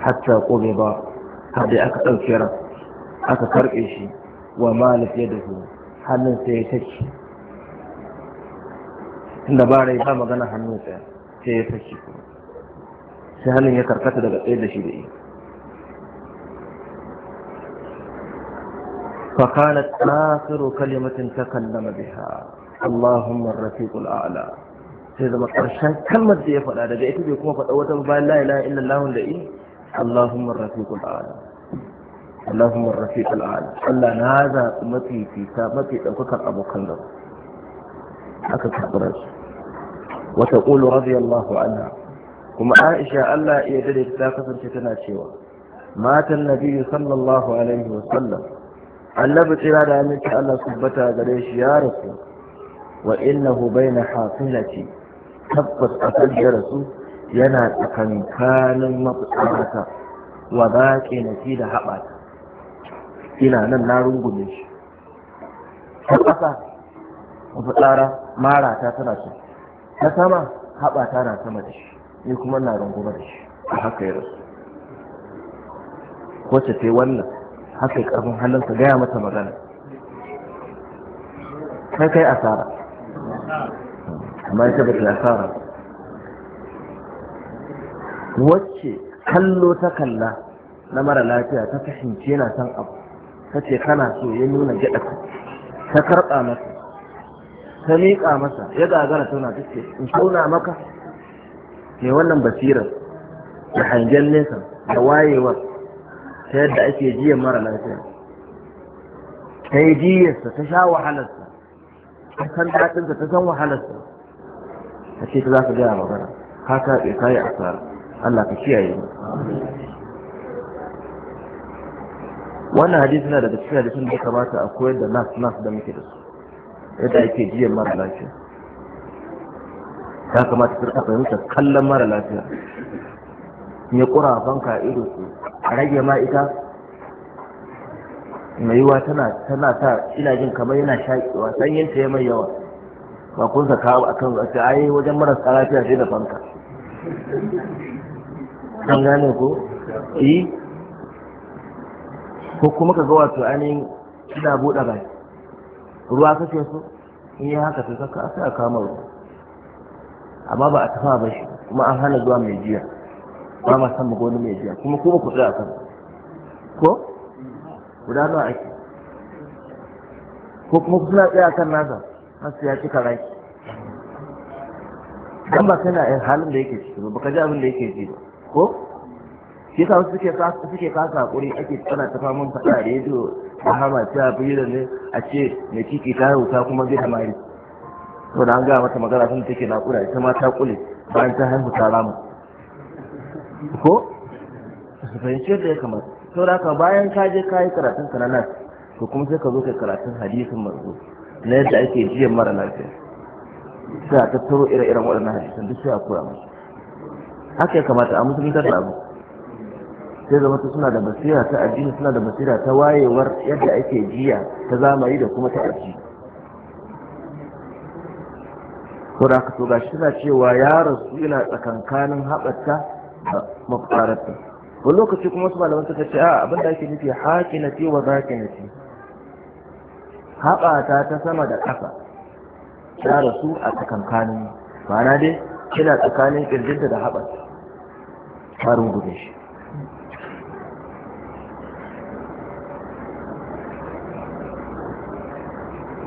Speaker 1: hatta ƙobe ba har dai aka ɗauke ran aka karɓe shi wa malif ya dahu hannun sai ya take inda ba rai ba magana hannu tsaya sai ya saki kuma sai hannun ya karkata daga tsaye da shi da iya فقالت آخر كلمة تكلم بها اللهم الرفيق الأعلى sai zama ƙarshen kalmar da ya faɗa daga ita bai kuma faɗa wata bayan la ilaha illa Allah da yi Allahumma rafiqul a'la Allahumma rafiqul a'la Allah na za mafi fita mafi ɗaukakar abokan gaba aka karɓi su wata ƙulu radiyallahu anha kuma aisha Allah iya dade ta kasance tana cewa matan nabiyyu sallallahu alaihi wa sallam annabi tsira da aminci Allah subbata gare shi ya rasu wa innahu baina hafilati tabbas a kan ya rasu yana tsakankanin mafitsarata wa baƙi na fi da haɓata ina nan na rungume shi ta ƙasa fitsara mara ta tana shi ta sama haɓa ta na sama da shi ni kuma na runguma da shi a haka ya rasu ko ta sai wannan haka ƙarfin halin ka gaya mata magana kai kai asara amma ita ba ta asara wacce kallo ta kalla na mara lafiya ta fahimci yana son abu ta ce kana so ya nuna gyaɗa ta karɓa masa ta miƙa masa ya gagara tana ta ce in tona maka mai wannan basirar da hangen nesa da wayewar ta yadda ake jiya mara lafiya ta yi jiyarsa ta sha wahalarsa ta san daɗinsa ta san wahalarsa ta ce ta za ka gaya magana ka taɓe ka yi asara Allah ka kiyaye mu wannan hadisi na daga cikin hadisin da ya kamata a koyar da nas nas da muke da su yadda ake jiyan mara lafiya ya kamata su rika fahimta kallon mara lafiya ya kura fanka ido su a rage ma ita mai yiwa tana tana ta ina jin kamar yana shaƙewa sanyin ta mai yawa ba kun sa kawo a kan zace ai wajen marasa lafiya sai da fanka
Speaker 2: kan gane ko eh
Speaker 1: ko kuma ka ga wato ainihin ina buɗe baki ruwa kake so in yi haka to kaka sai a kama ruwa amma ba a tafa ba shi kuma an hana zuwa mai jiya ba ma san magoni mai jiya kuma ko ku tsaya kan ko guda nawa ake ko kuma suna tsaya kan nasa sai ya kika rai dan ba kana in halin da yake ciki ba ka ji abin da yake ji ba ko shi yasa wasu suke kasa hakuri ake tsana ta fada faɗa rediyo a ta ta fi ne a ce mai kiki ta haihu ta kuma gida mari to da an gaya mata magana sun take kula, ita ma ta kule bayan ta haihu ta ramu. ko fahimci yadda ya kamata to da haka bayan ka je ka yi karatun ka na nan to kuma sai ka zo kai karatun hadisin manzo na yadda ake jiyan mara lafiya sai a tattaro ire-iren waɗannan hadisan duk sai a kura masu haka ya kamata a musulunta da abu sai zama suna da basira ta addini suna da basira ta wayewar yadda ake jiya ta zamani da kuma ta addini ko da aka toga shi na cewa ya rasu ina tsakankanin haɓata da mafarata wani lokaci kuma su malaman suka ce a abin da ake nufi haƙi na ce wa zaƙi na ce haɓata ta sama da ƙasa ya rasu a tsakankanin ma'ana dai kina tsakanin ƙirjinta da haɓata farin gudun shi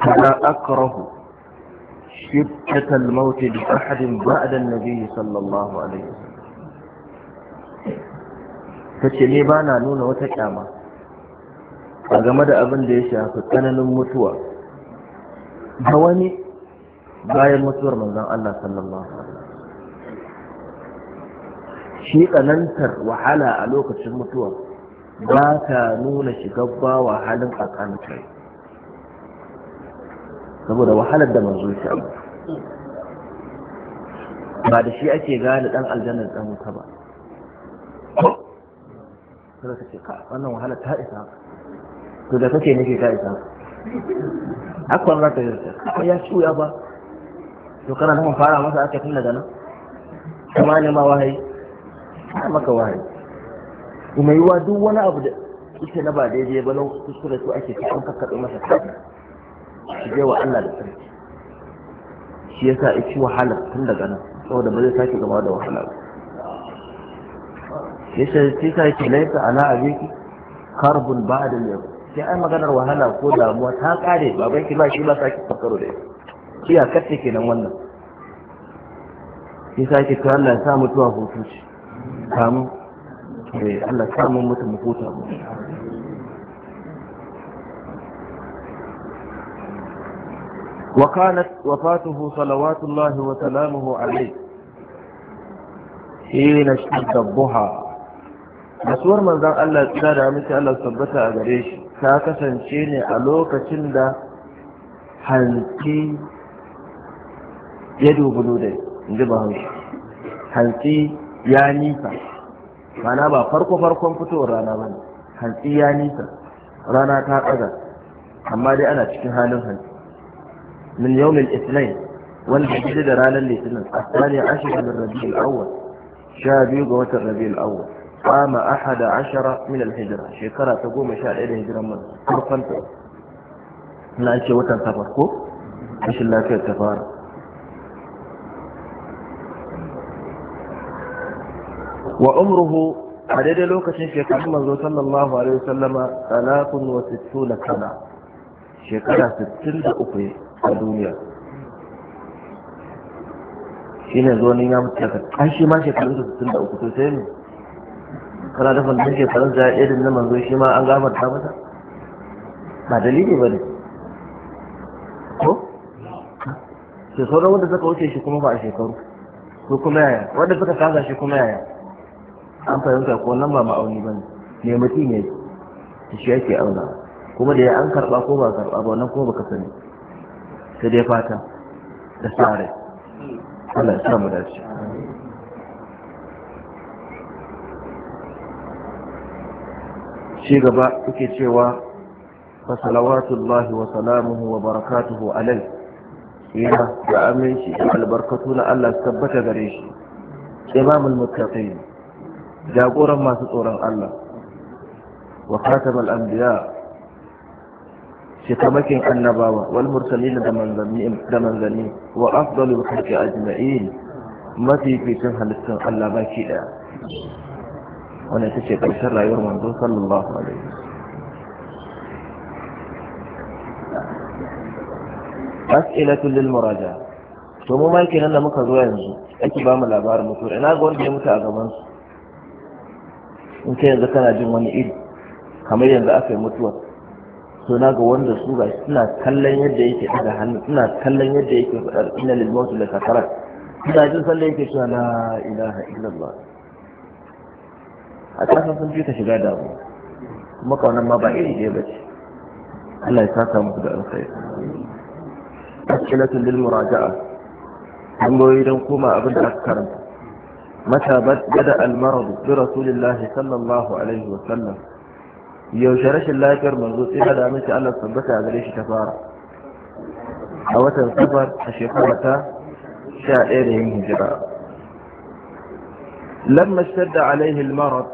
Speaker 1: لا أكره شدة الموت لأحد بعد النبي صلى الله عليه وسلم tace ne ba na nuna wata kyama a game da abin da ya shafi tsananin mutuwa ba wani bayan mutuwar manzon Allah sallallahu alaihi wasallam shi tsanantar wahala a lokacin mutuwa ba ta nuna shigar ba wahalin a saboda wahalar da manzo shi ba da shi ake gane dan aljannar dan wuta ba sai ka ce ka wannan wahalar ta isa to da kake nake ka isa akwai za ta yi ta ya shuya ba to kana nan fara masa aka tun da nan kuma ne ma wahayi ta maka wahayi kuma yiwa duk wani abu da ita na ba daidai ba lokacin da su ake ta an kakkaɓe masa ki je wa Allah da sarki shi yasa ya ci wahala tun daga nan saboda ba zai sake gama da wahala ba yasa shi yasa yake laifa ala abiki karbun ba'da yau sai ai maganar wahala ko damuwa ta kare baban ki ba shi ba sake fakaro da shi ya kace kenan wannan shi yasa yake to Allah ya sa mutuwa hutu ce kamu eh Allah ya sa mutum mutu mu huta mu وكانت وفاته صلوات الله وسلامه عليه حين اشتد الضحى rasuwar manzon Allah tsira da amince Allah tabbata a gare shi ta kasance ne a lokacin da hanci ya ya nisa mana ba farko farkon fitowar rana ba ne ya nisa rana ta ɗaga amma dai ana cikin halin hanci min yawmin islam wanda ya da ranar litinin asali ashira min rabi'ul awwal sha biyu ga watan rabi'ul awwal قام أحد عشر من الهجرة شكرا تقوم شاء إلى هجرة من فرقا لا أشي وطن تفرقو إيش الله كي تفار وعمره عدد لوكا شكرا منذ صلى الله عليه وسلم ثلاث وستون سنة شكرا ستين أخي a duniya shi ne zo ni ya mutu daga shi ma shekarun da sittin da uku to sai ne kana da fantan shekarun da irin na manzo shi ma an ta mata ba dalili ba ne ko sai sauran wanda suka wuce shi kuma ba a shekaru ko kuma yaya wanda suka kaza shi kuma yaya an fahimta ko nan ba ma'auni ba ne ne mutum ne shi yake auna kuma da ya an karba ko ba karba ba wannan kuma baka sani sai dai fata da sare Allah ya mu dace shi gaba yake cewa fa salawatullahi wa salamuhu wa barakatuhu alai yana da aminci da albarkatu na Allah su tabbata gare shi imamul muttaqin jagoran masu tsoron Allah wa khatamal anbiya شتمكن النبوة والمرسلين دمان ذنين وأفضل الخلق أجمعين ما في في تنهى للسن الله باكي لا وانا تشي الله لا يرمى صلى الله عليه وسلم أسئلة للمراجعة ثم ما يمكن أنه مكة زوين أكي بام الأبار مطور أنا أقول بي متى أغمان إن كان ذكنا جمعني أجمعني إيد kamar yanzu aka yi to na ga wanda su ga suna kallon yadda yake daga hannu suna kallon yadda yake faɗar ina lil da kakarar suna jin sallah yake cewa la ilaha illallah a kasan sun ta shiga damu kuma kaunan ma ba iri ɗaya ce. Allah ya saka muku da alkhairi as'ilatun lil muraja'a tambayoyi don koma abin da aka karanta mata bada al-marad bi rasulillahi sallallahu alaihi wa sallam يوشرش اللاكر مرضو إذا دامنك الله إيه صبتا أغليش كفارة حوات الكفر حشيقاتا شائرهم إيه هجراء لما اشتد عليه المرض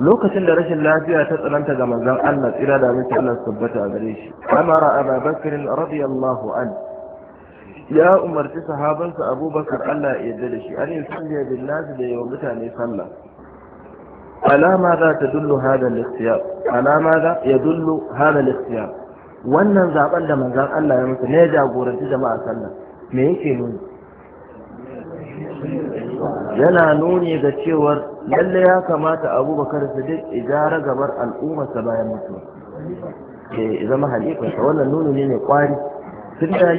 Speaker 1: لو كتن درش الله فيها تطل أنت كما زال أنت إلى دامنك الله صبتا أغليش أمر أبا بكر رضي الله عنه يا أمرت صحابا فأبو بكر ألا يدلشي أن يصلي بالناس ليومتا نصلى لي ala madha tadullu hadha al-ikhtiyar ala madha yadullu hadha wannan zaben da manzan Allah ya mutu ne jagoranci jama'a sallah me yake nuni yana nuni ga cewar lalle ya kamata abubakar ya ijara gabar al'ummarsa bayan mutu. ke zama halifarsa wannan nuni ne mai kwari tun da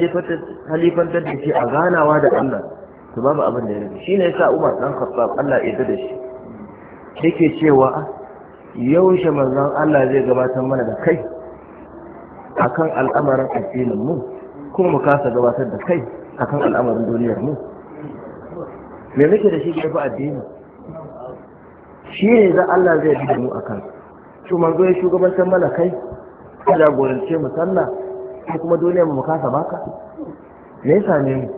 Speaker 1: halifantar da shi a ganawa da Allah to babu abin da ya rage shi ne yasa Umar dan Khattab Allah ya yarda da shi yake cewa yaushe manzon Allah zai gabatar mana da kai akan al'amarin addinin mu kuma mu kasa gabatar da kai akan al'amarin duniyar mu me muke da shi gefe addini shi ne za Allah zai bi da mu akan to manzo ya shugabantar mana kai ka jagorance mu sallah ko kuma duniyar mu kasa baka me yasa ne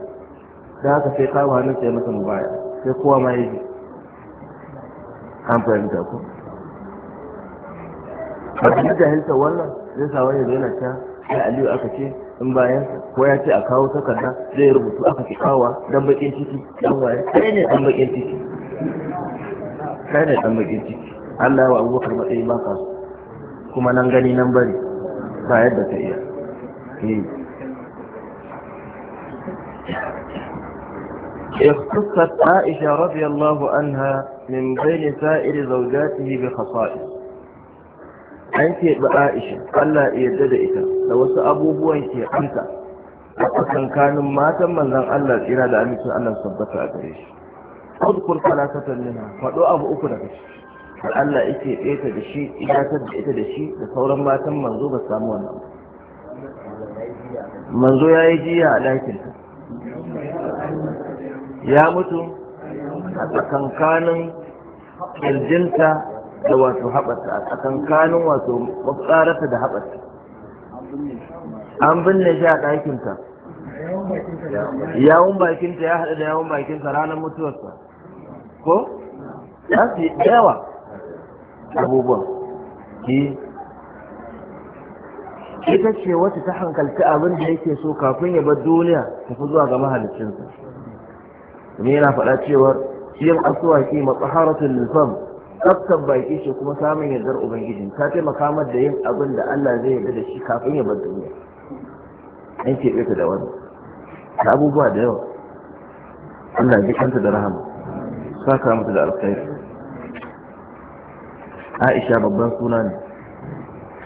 Speaker 1: da haka sai kawo hannun sai masa mu baya sai kowa ma ya an fahimta ku a cikin jahilta wannan zai sa wani zai nata sai aliyu aka ce in bayan ko ya ce a kawo takarda zai rubutu aka ki kawa dan bakin ciki dan waye kai ne dan bakin ciki kai ne dan bakin ciki Allah wa abubakar matsayi ba ka kuma nan gani nan bari ba yadda ta iya eh. اختصت عائشة رضي الله عنها من بين سائر زوجاته بخصائص an keɓe aisha allah ya yarda da ita da wasu abubuwan ke anta a tsakankanin matan manzan allah tsira da amincin allah sabbata a gare shi udkur salatatan minha faɗo abu uku daga shi. da allah yake ɗeta da shi idatar da ita da shi da sauran matan manzo ba samu wannan manzo ya yi jiya a ɗakin ya mutu a tsakankanin ƙirjinta da wato haɓarta a tsakankanin wato mafitsararta da haɓarta an binne shi a ɗakinta yawun bakinta ya haɗu da yawun bakinta ranar mutuwarsa ko za su yi yawa abubuwan ki ita ce wata ta hankalci abin da yake so kafin ya bar duniya tafi zuwa ga mahalicinsa kuma yana faɗa cewa shi yin aswaki matsaharatul lilfam tsaftar baki shi kuma samun yardar ubangiji ta taimaka mar da yin abin da Allah zai yarda da shi kafin ya bar duniya an keɓe ta da wani ta abubuwa da yawa Allah ya kanta da rahama ka mata da alkhairi Aisha babban suna ne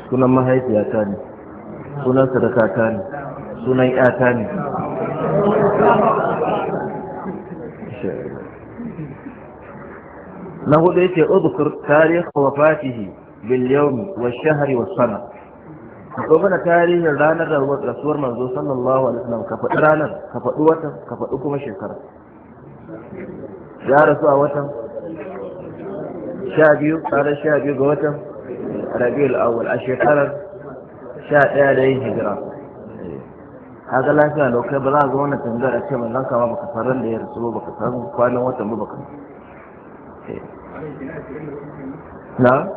Speaker 1: sunan mahaifiyata ne sunan sadakata ne sunan ƴata ne na hudu yace udhkur tarikh wafatihi bil yawm wa shahri wa sana ko mana tarihin ranar da rasuwar manzo sallallahu alaihi wasallam ka faɗi ranar ka faɗi watan ka faɗi kuma shekara ya rasu a watan sha biyu ranar ga watan rabiul awwal a shekarar sha da yin hijira haka lafiya da kai ba za a ga wannan tambayar a ce zan kama baka san ran da ya rasu ba baka san kwanan watan ba baka na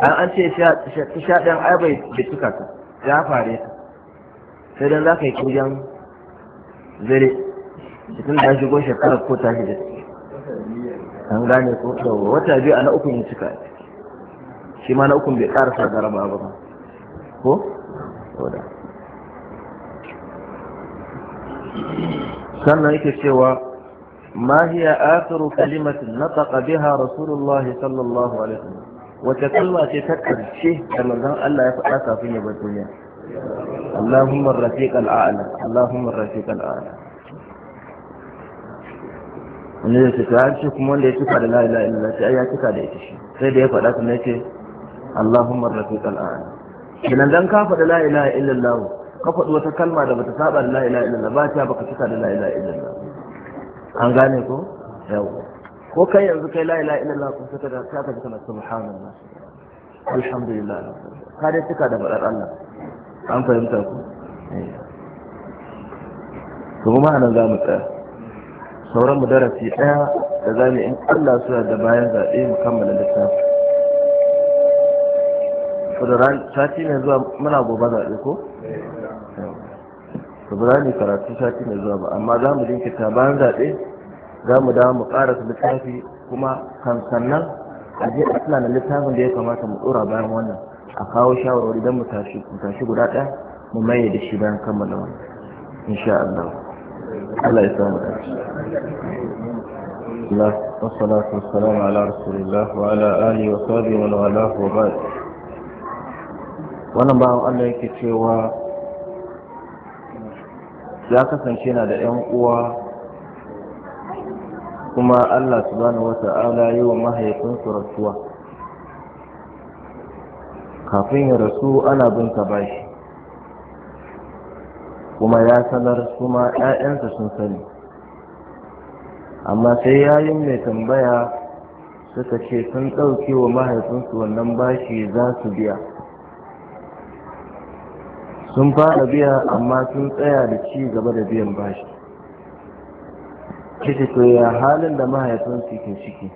Speaker 1: an an ce sha ɗan ai bai cika ta ya fare ta sai dan za ka yi kujan zare tun da shigo shekarar ko ta shida an gane ko wata biyu a na ukun ya cika shi ma na ukun bai ƙarasa garaba ba ko saboda sannan yake cewa ma hiya akhiru kalimatin nataqa biha rasulullah sallallahu alaihi wasallam wace kalma ce ta da manzon Allah ya faɗa kafin ya bar duniya اللهم الرفيق الأعلى اللهم الرفيق الأعلى wanda ya cika shi kuma wanda ya cika da la ilaha illa shi ai ya cika da ita shi sai da ya faɗa Allahumma kenan dan ka faɗi la ilaha illallah ka faɗi wata kalma da bata saba da la ilaha illallah ba ta baka cika da la ilaha illallah an gane ko Yau. ko kai yanzu kai la ilaha illallah ko saka da saka da subhanallah alhamdulillah ka dai cika da faɗar Allah an fahimta ku eh. to kuma anan za mu tsaya sauran mu darasi ɗaya da za mu in Allah suna da bayan zaɓe mu kammala littafin kuduran sati mai zuwa muna gobe zaɓe ko? kuduran karatu sati mai zuwa ba amma za mu jinkita bayan zaɓe za mu dawo mu ƙara su littafi kuma kan sannan a je a tuna da littafin da ya kamata mu ɗora bayan wannan a kawo shawarwari don mu tashi guda ɗaya mu maye da shi bayan kammala wannan insha Allah Allah ya samu dace. Allah wassalatu wassalamu ala rasulillah wa ala alihi wa sahbihi wa ala wa wannan bawan Allah yake cewa ya kasance na da 'yan uwa kuma Allah subhanahu wa ta'ala yi wa mahaifinsu rasuwa kafin ya rasu ana bin ka bashi kuma ya sanar su ma 'ya'yansa sun sani amma sai yayin mai tambaya suka ce sun ɗauke wa mahaifinsu wannan bashi za su biya sun fara biya amma sun tsaya da ci gaba da biyan bashi kike to ya halin da mahaifin ke ciki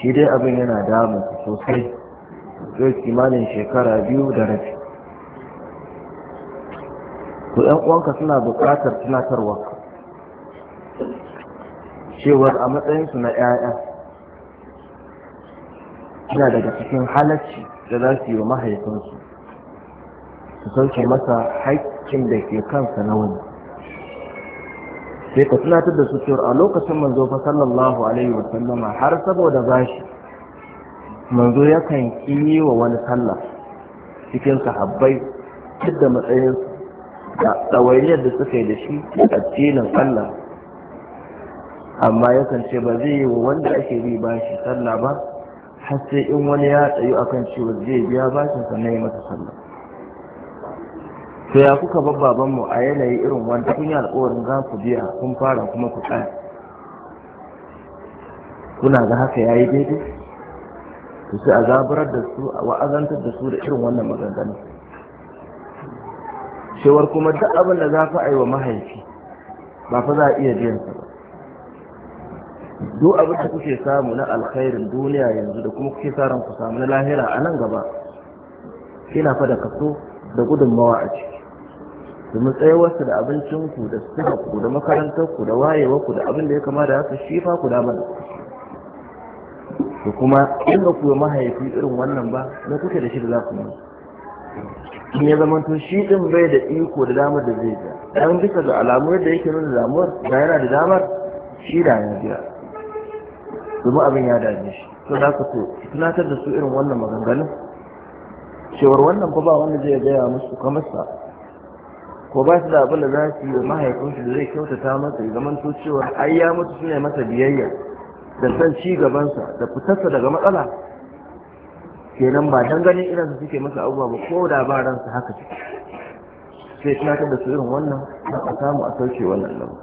Speaker 1: shi dai abin yana damu sosai yau kimanin shekara biyu da rafi. to yan uwanka suna buƙatar tunatarwa cewar a matsayinsu na 'ya'ya suna daga cikin halacci da za su yi wa mahaifinsu su sauke masa haƙƙin da ke kansa na wani sai ka tunatar da su cewar a lokacin manzo fa sallallahu alaihi wa sallama har saboda bashi manzo yakan yi wa wani sallah cikin sahabbai duk da matsayin da tsawainiyar da suka yi da shi a addinin sallah. amma yakan ce ba zai yi wa wanda ake bi bashi sallah ba har sai in wani ya tsayu akan cewa zai biya bashin sannan ya masa sallah to ya kuka bar mu a yanayi irin wanda kun yi alkawarin za ku biya kun fara kuma ku tsaya kuna ga haka ya yi daidai to sai a zaburar da su a wa'azantar da su da irin wannan maganganu cewar kuma duk abin da za ka yi wa mahaifi ba fa za a iya biyan sa ba duk abin da kuke samu na alkhairin duniya yanzu da kuma kuke sa ran ku samu na lahira a nan gaba ina fa da kaso da gudunmawa a ciki domin wasu da abincinku da suhaku da makarantarku da wayewarku da abin da ya kama da haka shi fa ku mana da kuma in ku ku mahaifi irin wannan ba na kuke da shi da za ku yi in ya zama to shi din bai da iko da damar da zai ja dan bisa ga alamu da yake nuna damuwar da yana da damar shi da ya jira domin abin ya dame shi to za ka tunatar da su irin wannan maganganun cewar wannan ba ba wanda zai gaya musu kamar sa ko ba su da abin da za su yi wa mahaifinsu da zai kyautata masa ya zama to cewa ai ya mutu suna masa biyayya da san ci gabansa da fitarsa daga matsala kenan ba dan ganin irin su suke masa abubuwa ba ko da ba ransa haka ce sai tunatar da su irin wannan don a samu a sauke wannan lamu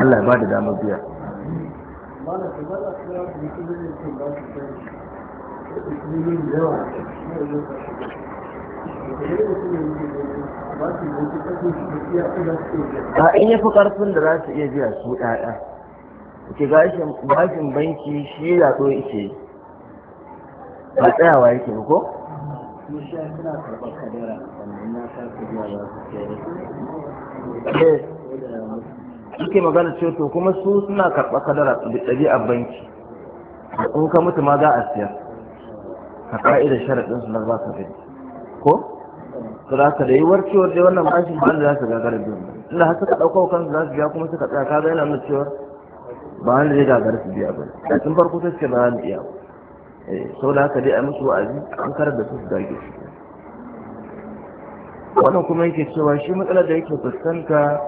Speaker 1: Allah ya ba da damar biya
Speaker 2: Thank you. a in
Speaker 1: ya fi ƙarfin da za su iya biya su ɗaya ke gashin banki shi ya so yake ba tsayawa yake ba ko? Eh, suke magana ce to kuma su suna karɓar kadara da ɗabi'ar banki in ka mutu ma za a siya Ka ƙa'idar sharaɗinsu na za ka gani ko to za ka da yi warkewar dai wannan bashin ba da za su gagara biyu inda haka suka ɗauka kan za su biya kuma suka tsaya ka zai lamar cewa ba wanda zai gagara su biya ba da tun farko sai suke ba za iya ba eh, sau da haka dai a musu wa'azi an karar da su su dage su wannan kuma yake cewa shi matsalar da yake fuskanta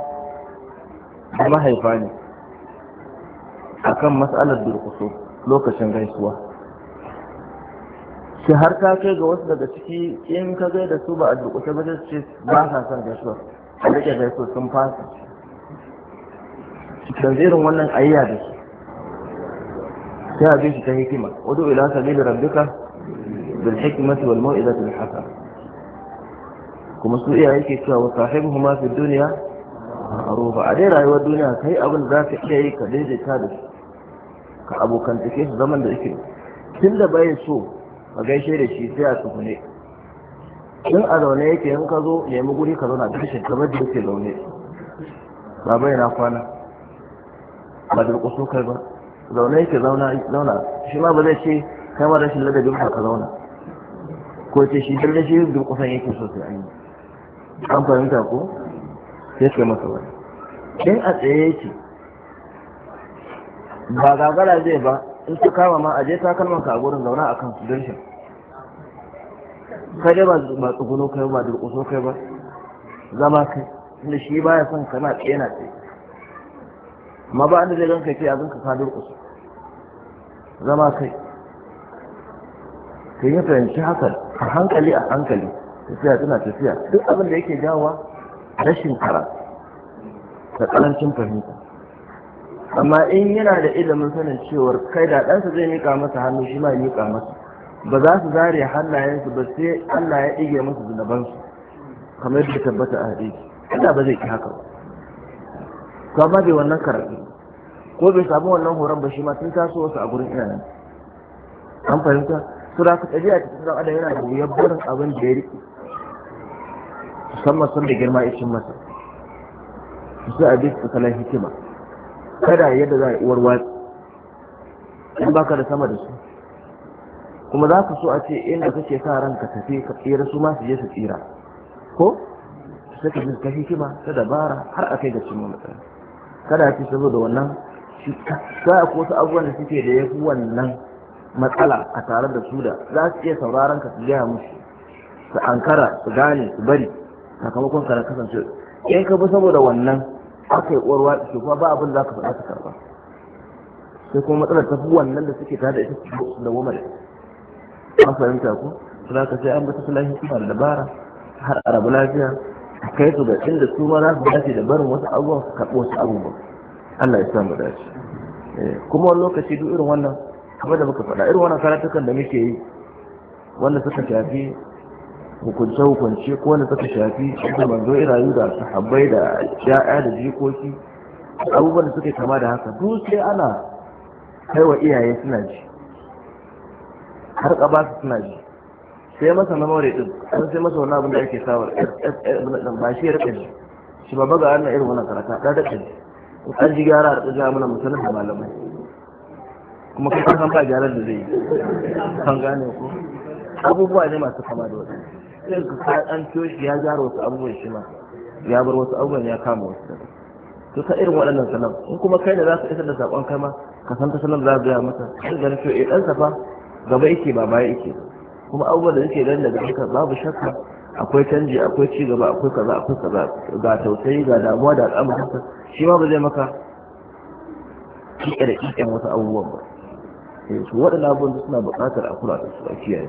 Speaker 1: da mahaifa ne akan matsalar durkusu lokacin gaisuwa shi har ta kai ga wasu daga ciki in ka gai da su ba a dukushe ba sai ce ba sa san gaisuwa a rike gaisuwa sun fasa dan zirin wannan ayya da shi sai a shi ta hikima wadu ila sabili rabbika bil hikmati wal mau'izati al hasana kuma su iyaye ke cewa wa sahibuhuma fi dunya ma'rufa a dai rayuwar duniya kai abin da zaka iya yi ka daidaita da su ka abokantake su zaman da yake tun da bai so ka gaishe da shi sai a tsugune in a zaune yake in ka zo nemi guri ka zauna gashin kamar da yake zaune baba yana kwana ba da kusa kai ba zaune yake zauna zauna shi ma ba zai ce kai ma rashin ladabi ba ka zauna ko ce shi dalda shi kusan yake so sai an yi an fahimta ko sai kai masa wani in a tsaye yake ba gagara zai ba in ta kama ma aje takalman ka a gurin zauna akan kan dirshin kai dai ba tsuguno kai ba durƙuso kai ba zama kai tunda shi ba ya son kana tsena na tsaye amma ba inda zai ganka ce abin ka ka durƙuso zama kai kai ya fahimci haka a hankali a hankali tafiya tana tafiya duk abin da yake jawowa rashin karatu da ƙarancin fahimta amma in yana da ilimin sanin cewar kai da ɗansa zai miƙa masa hannu shi ma miƙa masa ba za su zare hannayensu ba sai Allah ya ɗige musu zunubansu kamar yadda tabbata a hadisi Allah ba zai ki haka ba to amma bai wannan karatu ko bai samu wannan horon ba shi ma tun taso wasu a gurin iyayen an fahimta su da ka ɗabi'a cikin tsaron adam yana da wuyar barin abin da ya riƙe musamman sun da girma ishin cin masa su a bisa kalan hikima kada yadda za a uwar watsi in baka da sama da su kuma za ka so a ce inda kake sa ran ka tafi ka tsira su ma su je su tsira ko saka ji ta hikima ta dabara har a kai ga cimma matsala kada ce saboda wannan za a kusa abubuwan da suke da yafi wannan matsala a tare da su da za su iya sauraron ka su gaya musu su ankara su gane su bari sakamakon ka na kasance in ka bi saboda wannan aka yi uwar watsi kuma ba abin da ka faɗa ta karɓa sai kuma matsalar ta wannan da suke tare da ita da wamar an fahimta ku? za ka sai an bata filahi suna da dabara har Arabu lafiya a kai su ga inda su ma za su dace da barin wasu abubuwan su karɓi wasu abubuwan Allah ya samu dace eh, kuma wani lokaci duk irin wannan kamar da muka faɗa irin wannan karatukan da muke yi wanda suka shafi hukunce-hukunce ko wanda suka shafi da manzo irayu da sahabbai da ya'ya da jikoki abubuwan da suke kama da haka duk sai ana kai wa iyaye suna ji har ƙaba su suna ji sai masa na maure din an sai masa wani abin da ake sawar eh, eh, eh, ba shi ya rika ji shi ba baga wannan irin wannan karata da rika ji an ji gyara da tsaga mana musanin da malamai kuma kai kan ba gyaran da zai yi kan gane ko abubuwa ne masu kama da wasu sai su ka an ciyo ya gyara wasu abubuwan shi ma ya bar wasu abubuwan ya kama wasu da to ka irin waɗannan salam in kuma kai da za ka isar da saƙon kai ma ka san ta salam za ka gaya masa sai ganin to eh ɗansa fa gaba yake ba baya yake kuma abubuwan da yake ganin daga haka babu shakka akwai canji akwai ci gaba akwai kaza akwai kaza ga tausayi ga damuwa da al'amuransa shi ma ba zai maka kike da kiken wasu abubuwan ba eh, to waɗannan abubuwan suna buƙatar a kula da su a kiyaye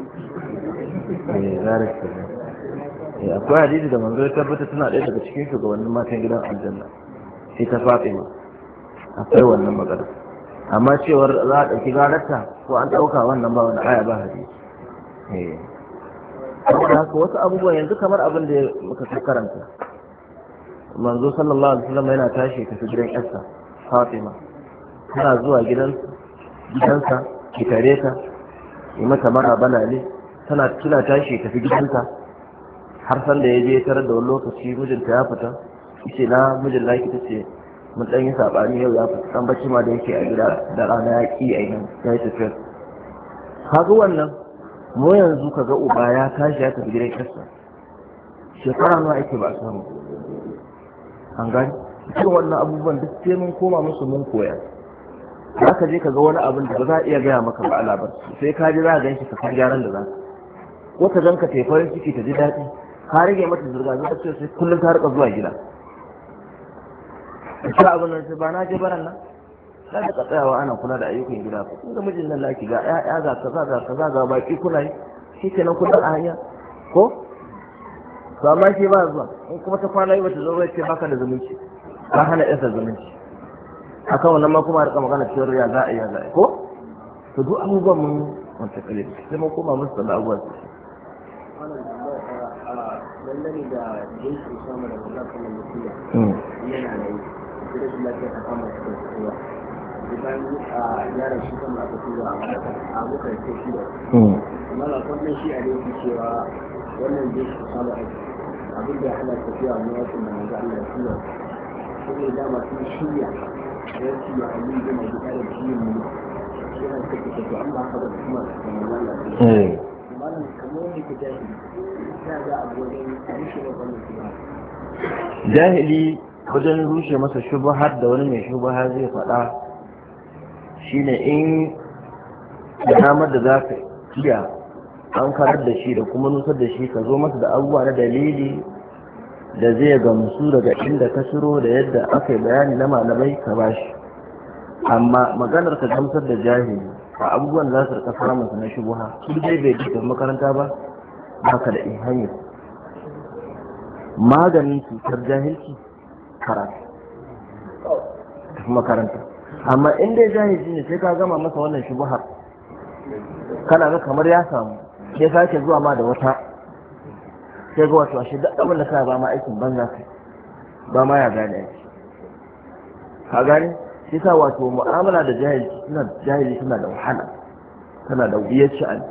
Speaker 2: zarar eh, ke eh, akwai hadisi
Speaker 1: da manzo ya tabbata tana ɗaya daga cikin wannan matan gidan aljanna sai ta fatima akwai wannan magana amma cewar za a ɗauki gararta ko an ɗauka wannan ba wani aya ba hadisi eh. Da haka wasu abubuwan yanzu kamar abin da muka karanta manzo sallallahu alaihi wasallam yana tashi tafi gidan yarsa fatima tana zuwa gidansa gidansa ki tare ta yi mata mara bana ne tana kina tashi tafi gidanta har san da ya je tarar da wani lokaci mijinta ya fita ce na mijin laki ta ce mun ɗan yi sabani yau ya fita ɗan bacci ma da yake a gida da rana ya ki ai nan ya yi tafiyar kaga wannan mu yanzu kaga uba ya tashi ya tafi gidan kasa. shekara nawa ake ba a samu an gani cikin wannan abubuwan duk sai mun koma musu mun koya za ka je ka ga wani abin da ba za a iya gaya maka ba a sai ka ji za a gan shi ka san gyaran da za ka wata zanka ta farin ciki ta ji daɗi ka rage mata zurga zurga ce sai kullum ta rika zuwa gida shi abin nan ba na je baran nan za ta ka tsayawa ana kula da ayyukan gida ko kun ga mijin nan laki ga ƴaƴa ga kaza ga kaza ga baki kuna yi nan kullum a hanya ko to amma shi ba zuwa in kuma ta kwana yi bata zo ba ce baka da zumunci ba hana yasa zumunci akan wannan ma kuma a rika magana cewa ya za a yi ya za a yi ko to duk abubuwan mun wata kalibi sai mun koma musu da abubuwan su dangane da jinsu samun da kuma hmm. kuma mutum shi ta kama da a mukan ce shi da ah, hmm. amma ba kwanan shi a cewa wannan aiki abin da ya Allah ya shirya ya mai gida da to da kuma
Speaker 2: hmm. malam kamar yadda ke jahili
Speaker 1: jahili wajen rushe masa shubahar da wani mai shubahar zai faɗa shine in damar da za ka iya an karar da shi da kuma nusar da shi ka zo masa da abubuwa na dalili da zai gamsu daga inda ka shiro da yadda aka bayani na malamai ka ba shi, amma maganar ka gamsar da jahili a abubuwan za su rika samun na shubuha duk dai bai duka makaranta ba baka da hanyar maganin cutar jahilci karatu tafi makaranta amma in dai jahilci ne sai ka gama masa wannan shubuhar kana ga kamar ya samu sai sake zuwa ma da wata sai ga wasu ashe duk abin da ka ba ma aikin banza kai ba ma ya gane aiki ka gane sai sa wato mu'amala da jahilci suna jahilci suna da wahala tana da wuyar sha'ani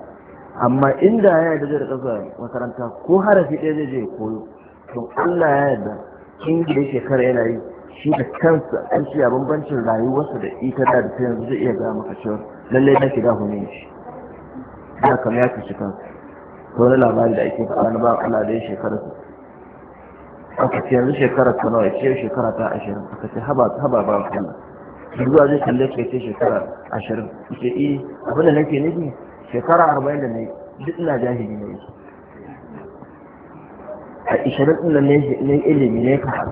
Speaker 1: amma inda ya yarda zai zuwa makaranta ko harafi ɗaya zai je koyo to Allah ya yarda in da shekara yana yi shi da kansa an shi bambancin rayuwarsa da ita da ta yanzu zai iya gaya maka cewa lallai na shiga hune shi ya kama ya fi shi to wani labari da ake faɗa na ba Allah da ya shekara su aka ce yanzu shekara ta nawa ce shekara ta ashirin aka ce haba haba ba Allah zuwa zai kalle ka ce shekara ashirin ce eh abin da nake nufi shekara arba'in da ne duk ina jahili ne. a ishirin ɗin da na yi ilimi ne ka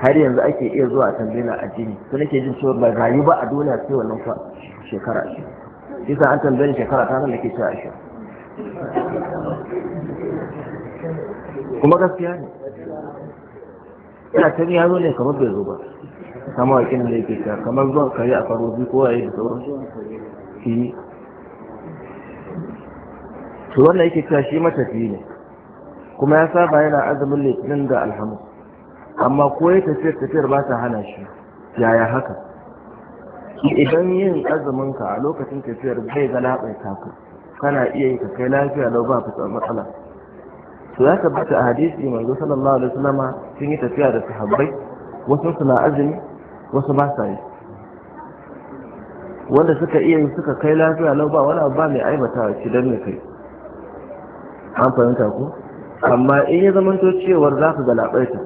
Speaker 1: har yanzu ake iya zuwa a tambayi na addini su nake jin cewa ba rayu ba a duniya sai wannan fa shekara shi shi sa an tambayi ni shekara ta nan da ke cewa
Speaker 2: kuma gaskiya ne
Speaker 1: ina ta ya zo ne kamar bai zo ba kama wakilin da yake kamar zuwa kare a faro biyu ko yayi da sauransu to wannan yake cewa shi matafi ne kuma ya saba yana azumin litinin da alhamu. amma ko ya tafiyar tafiyar ba ta hana shi yaya haka idan yin azumin ka a lokacin tafiyar bai ga labai ka kana iya yi ka kai lafiya lau ba ka matsala to ya tabbata a hadisi manzo sallallahu alaihi wasallam sun yi tafiya da sahabbai wasu suna azumi wasu ba sa yi wanda suka iya yi suka kai lafiya lau ba wani abu ba mai aibata shi dan ne kai an fahimta ku? amma in ya to cewar za su galabaita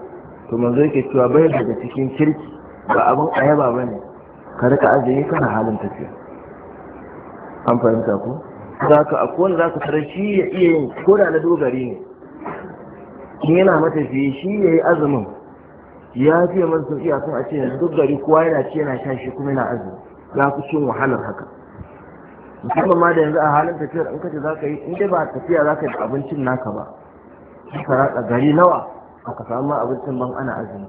Speaker 1: to manzo yake cewa bai daga cikin kirki ba abin ayaba ba ne ka rika ajiye kana halin tafiya an fahimta ku? za ka a kowane za ka tare shi ya iya yin ko da na dogari ne in yana mata fiye, shi ya yi azumin ya fiye man sauki a kan a ce dogari duk gari kowa yana ci yana sha shi kuma yana azumi za ku cin wahalar haka musamman ma da yanzu a halin tafiyar in kace ka yi in dai ba tafiya ka yi da abincin naka ba ka ratsa gari nawa ka samu abincin ban ana azumi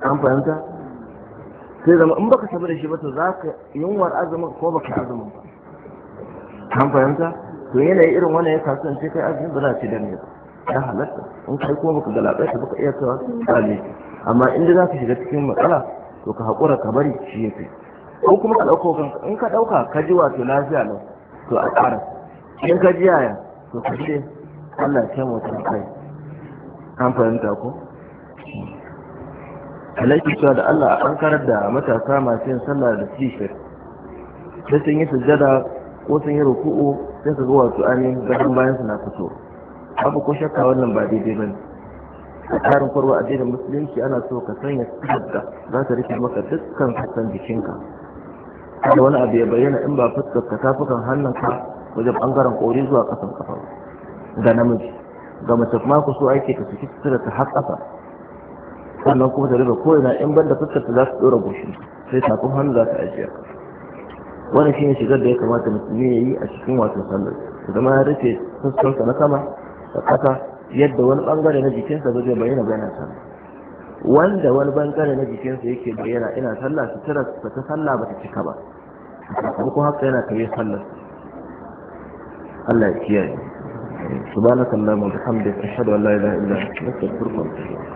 Speaker 1: an fahimta sai zama in baka tafi da shi ba to ka yunwar azumin ko baka azumin ba an fahimta to yanayi irin wannan ya kasance kai azumin ba za ci dan ba ya halatta in kai kuma baka galabai ba baka iya cewa amma in za ka shiga cikin matsala to ka haƙura ka bari shi ya fi ko kuma ka ɗauko kanka in ka ɗauka ka ji wato lafiya lau to a ƙara in ka ji yaya to ka ji Allah ce ta kai an fahimta ko alaiki cewa da Allah an karar da matasa masu yin sallah da sifir. shirt sai sun yi sujjada ko sun yi ruku'u sai ka ga wato ainihin gadon bayan na fito babu ko shakka wannan ba daidai bane a tsarin a addinin musulunci ana so ka sanya sujjada za ta rufe maka dukkan sassan jikinka kada wani abu ya bayyana in ba fuskar ka tafukan hannunka wajen bangaren kori zuwa kasan kafa ga namiji ga mace kuma ku so ake ta saki ta ta har kasa sannan kuma ta riba ko'ina in ban da fuskar ta za su dora goshi sai tafin hannu za ta ajiya wannan shine shigar da ya kamata musulmi ya yi a cikin wasan sallar zama ya rufe fuskarsa na sama da kasa yadda wani bangare na jikinsa ba zai bayyana bayan sallah wanda wani bangare na jikinsa yake bayyana ina sallah suturar ta sallah ba ta cika ba duk haka yana kare sallar Allah ya kiyaye subhanakallahumma wa bihamdika ashhadu an la ilaha illa anta astaghfiruka
Speaker 2: wa atubu